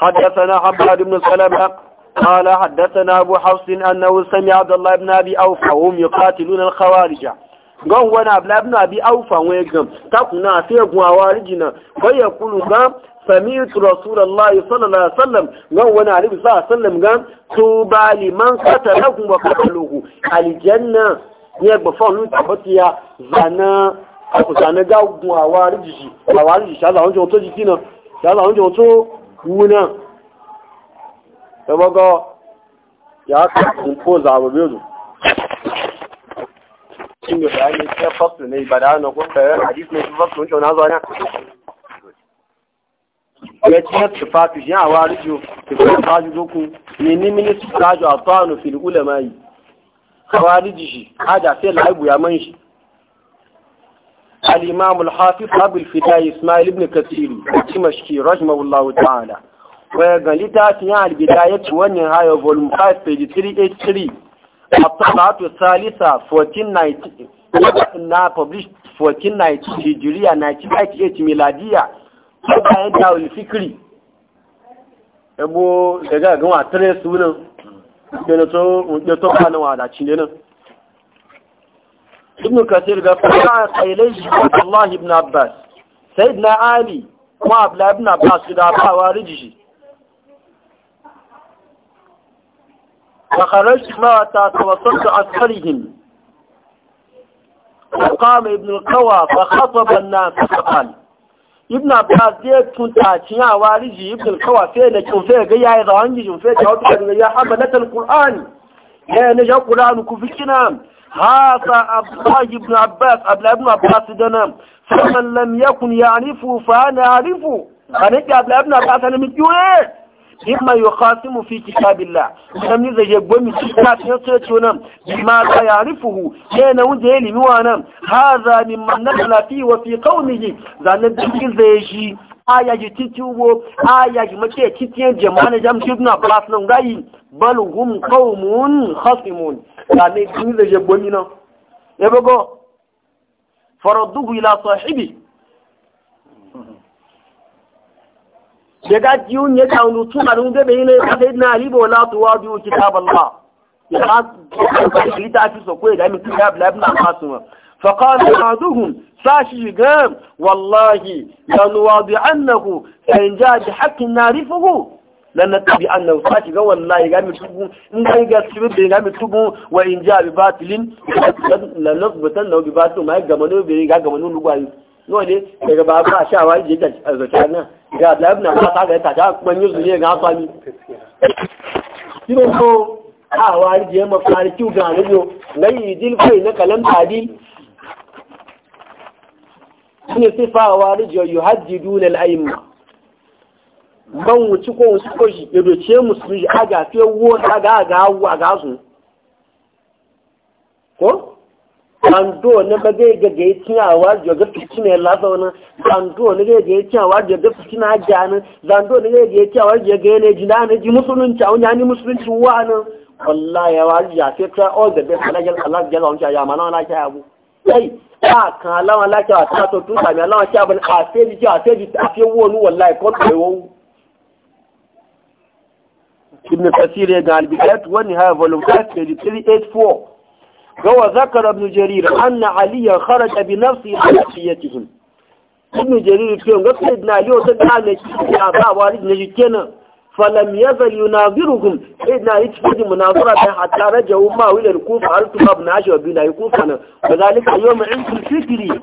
حدثنا حباد بن سلمة قال حدثنا أبو حفص أنه سمع عبد الله بن أبي أوفى وهم يقاتلون الخوارج gan wani abu labin abi aufa wani gam ta kuna sai kuma wariji na bayan kulu gam sami'tu rasulullahi sallallahu alaihi wasallam gan wani alibi sa sallam gam to bali man qatalakum wa qataluhu aljanna ya gba fa lu tabatiya zana ko zana ga gwa wariji shi wariji sha za to jikina kuna saboda ya kasu ko zababe su cin da bayani ta fasu ne ba da na kuma da hadisi ne fasu ne na zuwa ne ya ce su fatu shi a warijo su kuma faju zoku ne ni mini su faju a tsawon fil ulama yi kawariji shi hada sai laibu ya man shi الإمام الحافظ أبو الفتاة إسماعيل بن كثير دمشقي رحمه الله تعالى وقال لتاتي عن البداية والنهاية فولوم 5 page 383 الطبعة الثالثة 1490 published 1490 هجرية 1998 ميلادية طبعا يدعو الفكري أبو daga قمع ترس ونو da na to da to ابن كثير قال إليه عبد الله بن عباس سيدنا علي ما بلا ابن عباس إذا أبقى وارجه فخرجت ما توسط أسفلهم وقام ابن القوى فخطب الناس فقال ابن عباس ديت كنت اتيا وارجي ابن القوى فين كن فين جاي ضوانجي فيه جاوب يا حملة القرآن يا نجا القرآن كفكنا هذا عبد الله بن عباس قبل ابن عباس دنا فمن لم يكن يعرفه فانا اعرفه فنجي قبل ابن عباس انا متجوه إما يخاصم في كتاب الله لم يزج يقوم بكتاب يتوتونا بما لا يعرفه كان وجهي لموانا هذا ممن نزل فيه وفي قومه ذا نبكي زيشي aya ji titi wo aya mace titi jama'a jama'an jam gayi da ne kin da na ya bago faradduhu ila sahibi ya ga jiyun ya ta wutu da na biyu ya ta fi so ko da mi kitab la ibn فقال بعضهم ساشي قام والله لنواضعنه فإن جاء بحق نعرفه لنتبعنه ساشي قام والله قام يتوبه إن كان يتوبه قام يتوبه وإن جاء بباطل لنضبطنه بباطل ما يقامنه بيقا قامنه لقائه nole daga babu a sha wani jikin a zuciya nan ga labi na mata ga ta ta kuma yi zuriya ga sami kiran ko a wani jiyan mafari kiw ga nabiyo na yi dilfai na kalan tadil sun sifa wa rijiyo yi hajji dunal aima ban wuce ko wuci ko shi ya doce musu yi a fiye a aga aga awu aga su ko bando na ba zai gaga yi cin awa rijiyo ga fici ne lafa wani bando na zai ga yi cin awa rijiyo ga fici na ajiya nan zando na zai ga yi cin awa rijiyo ga yanayi jina na ji musulunci a wani ya ni musulunci wa nan wallahi ya wa rijiyo sai ta all the best alajar alajar alajar alajar alajar alajar alajar kai ta kan alawa lati wa ta to tu sami alawa ti abin a feji ti a feji a fi wo nu wallahi ko to wo ibn kasir ga al-bidayat wa nihaya volume 384 ga wa ibn jarir anna aliya kharaja bi nafsi hafiyatihim ibn jarir ce ga sayyidina ali wata da ne ya ba wa ne kenan falam yazal yunaziruhum sayyidina yi cikin munazara ta hatta rajahu ma wilal kufa har tubab na shi wa biyu na yi yawma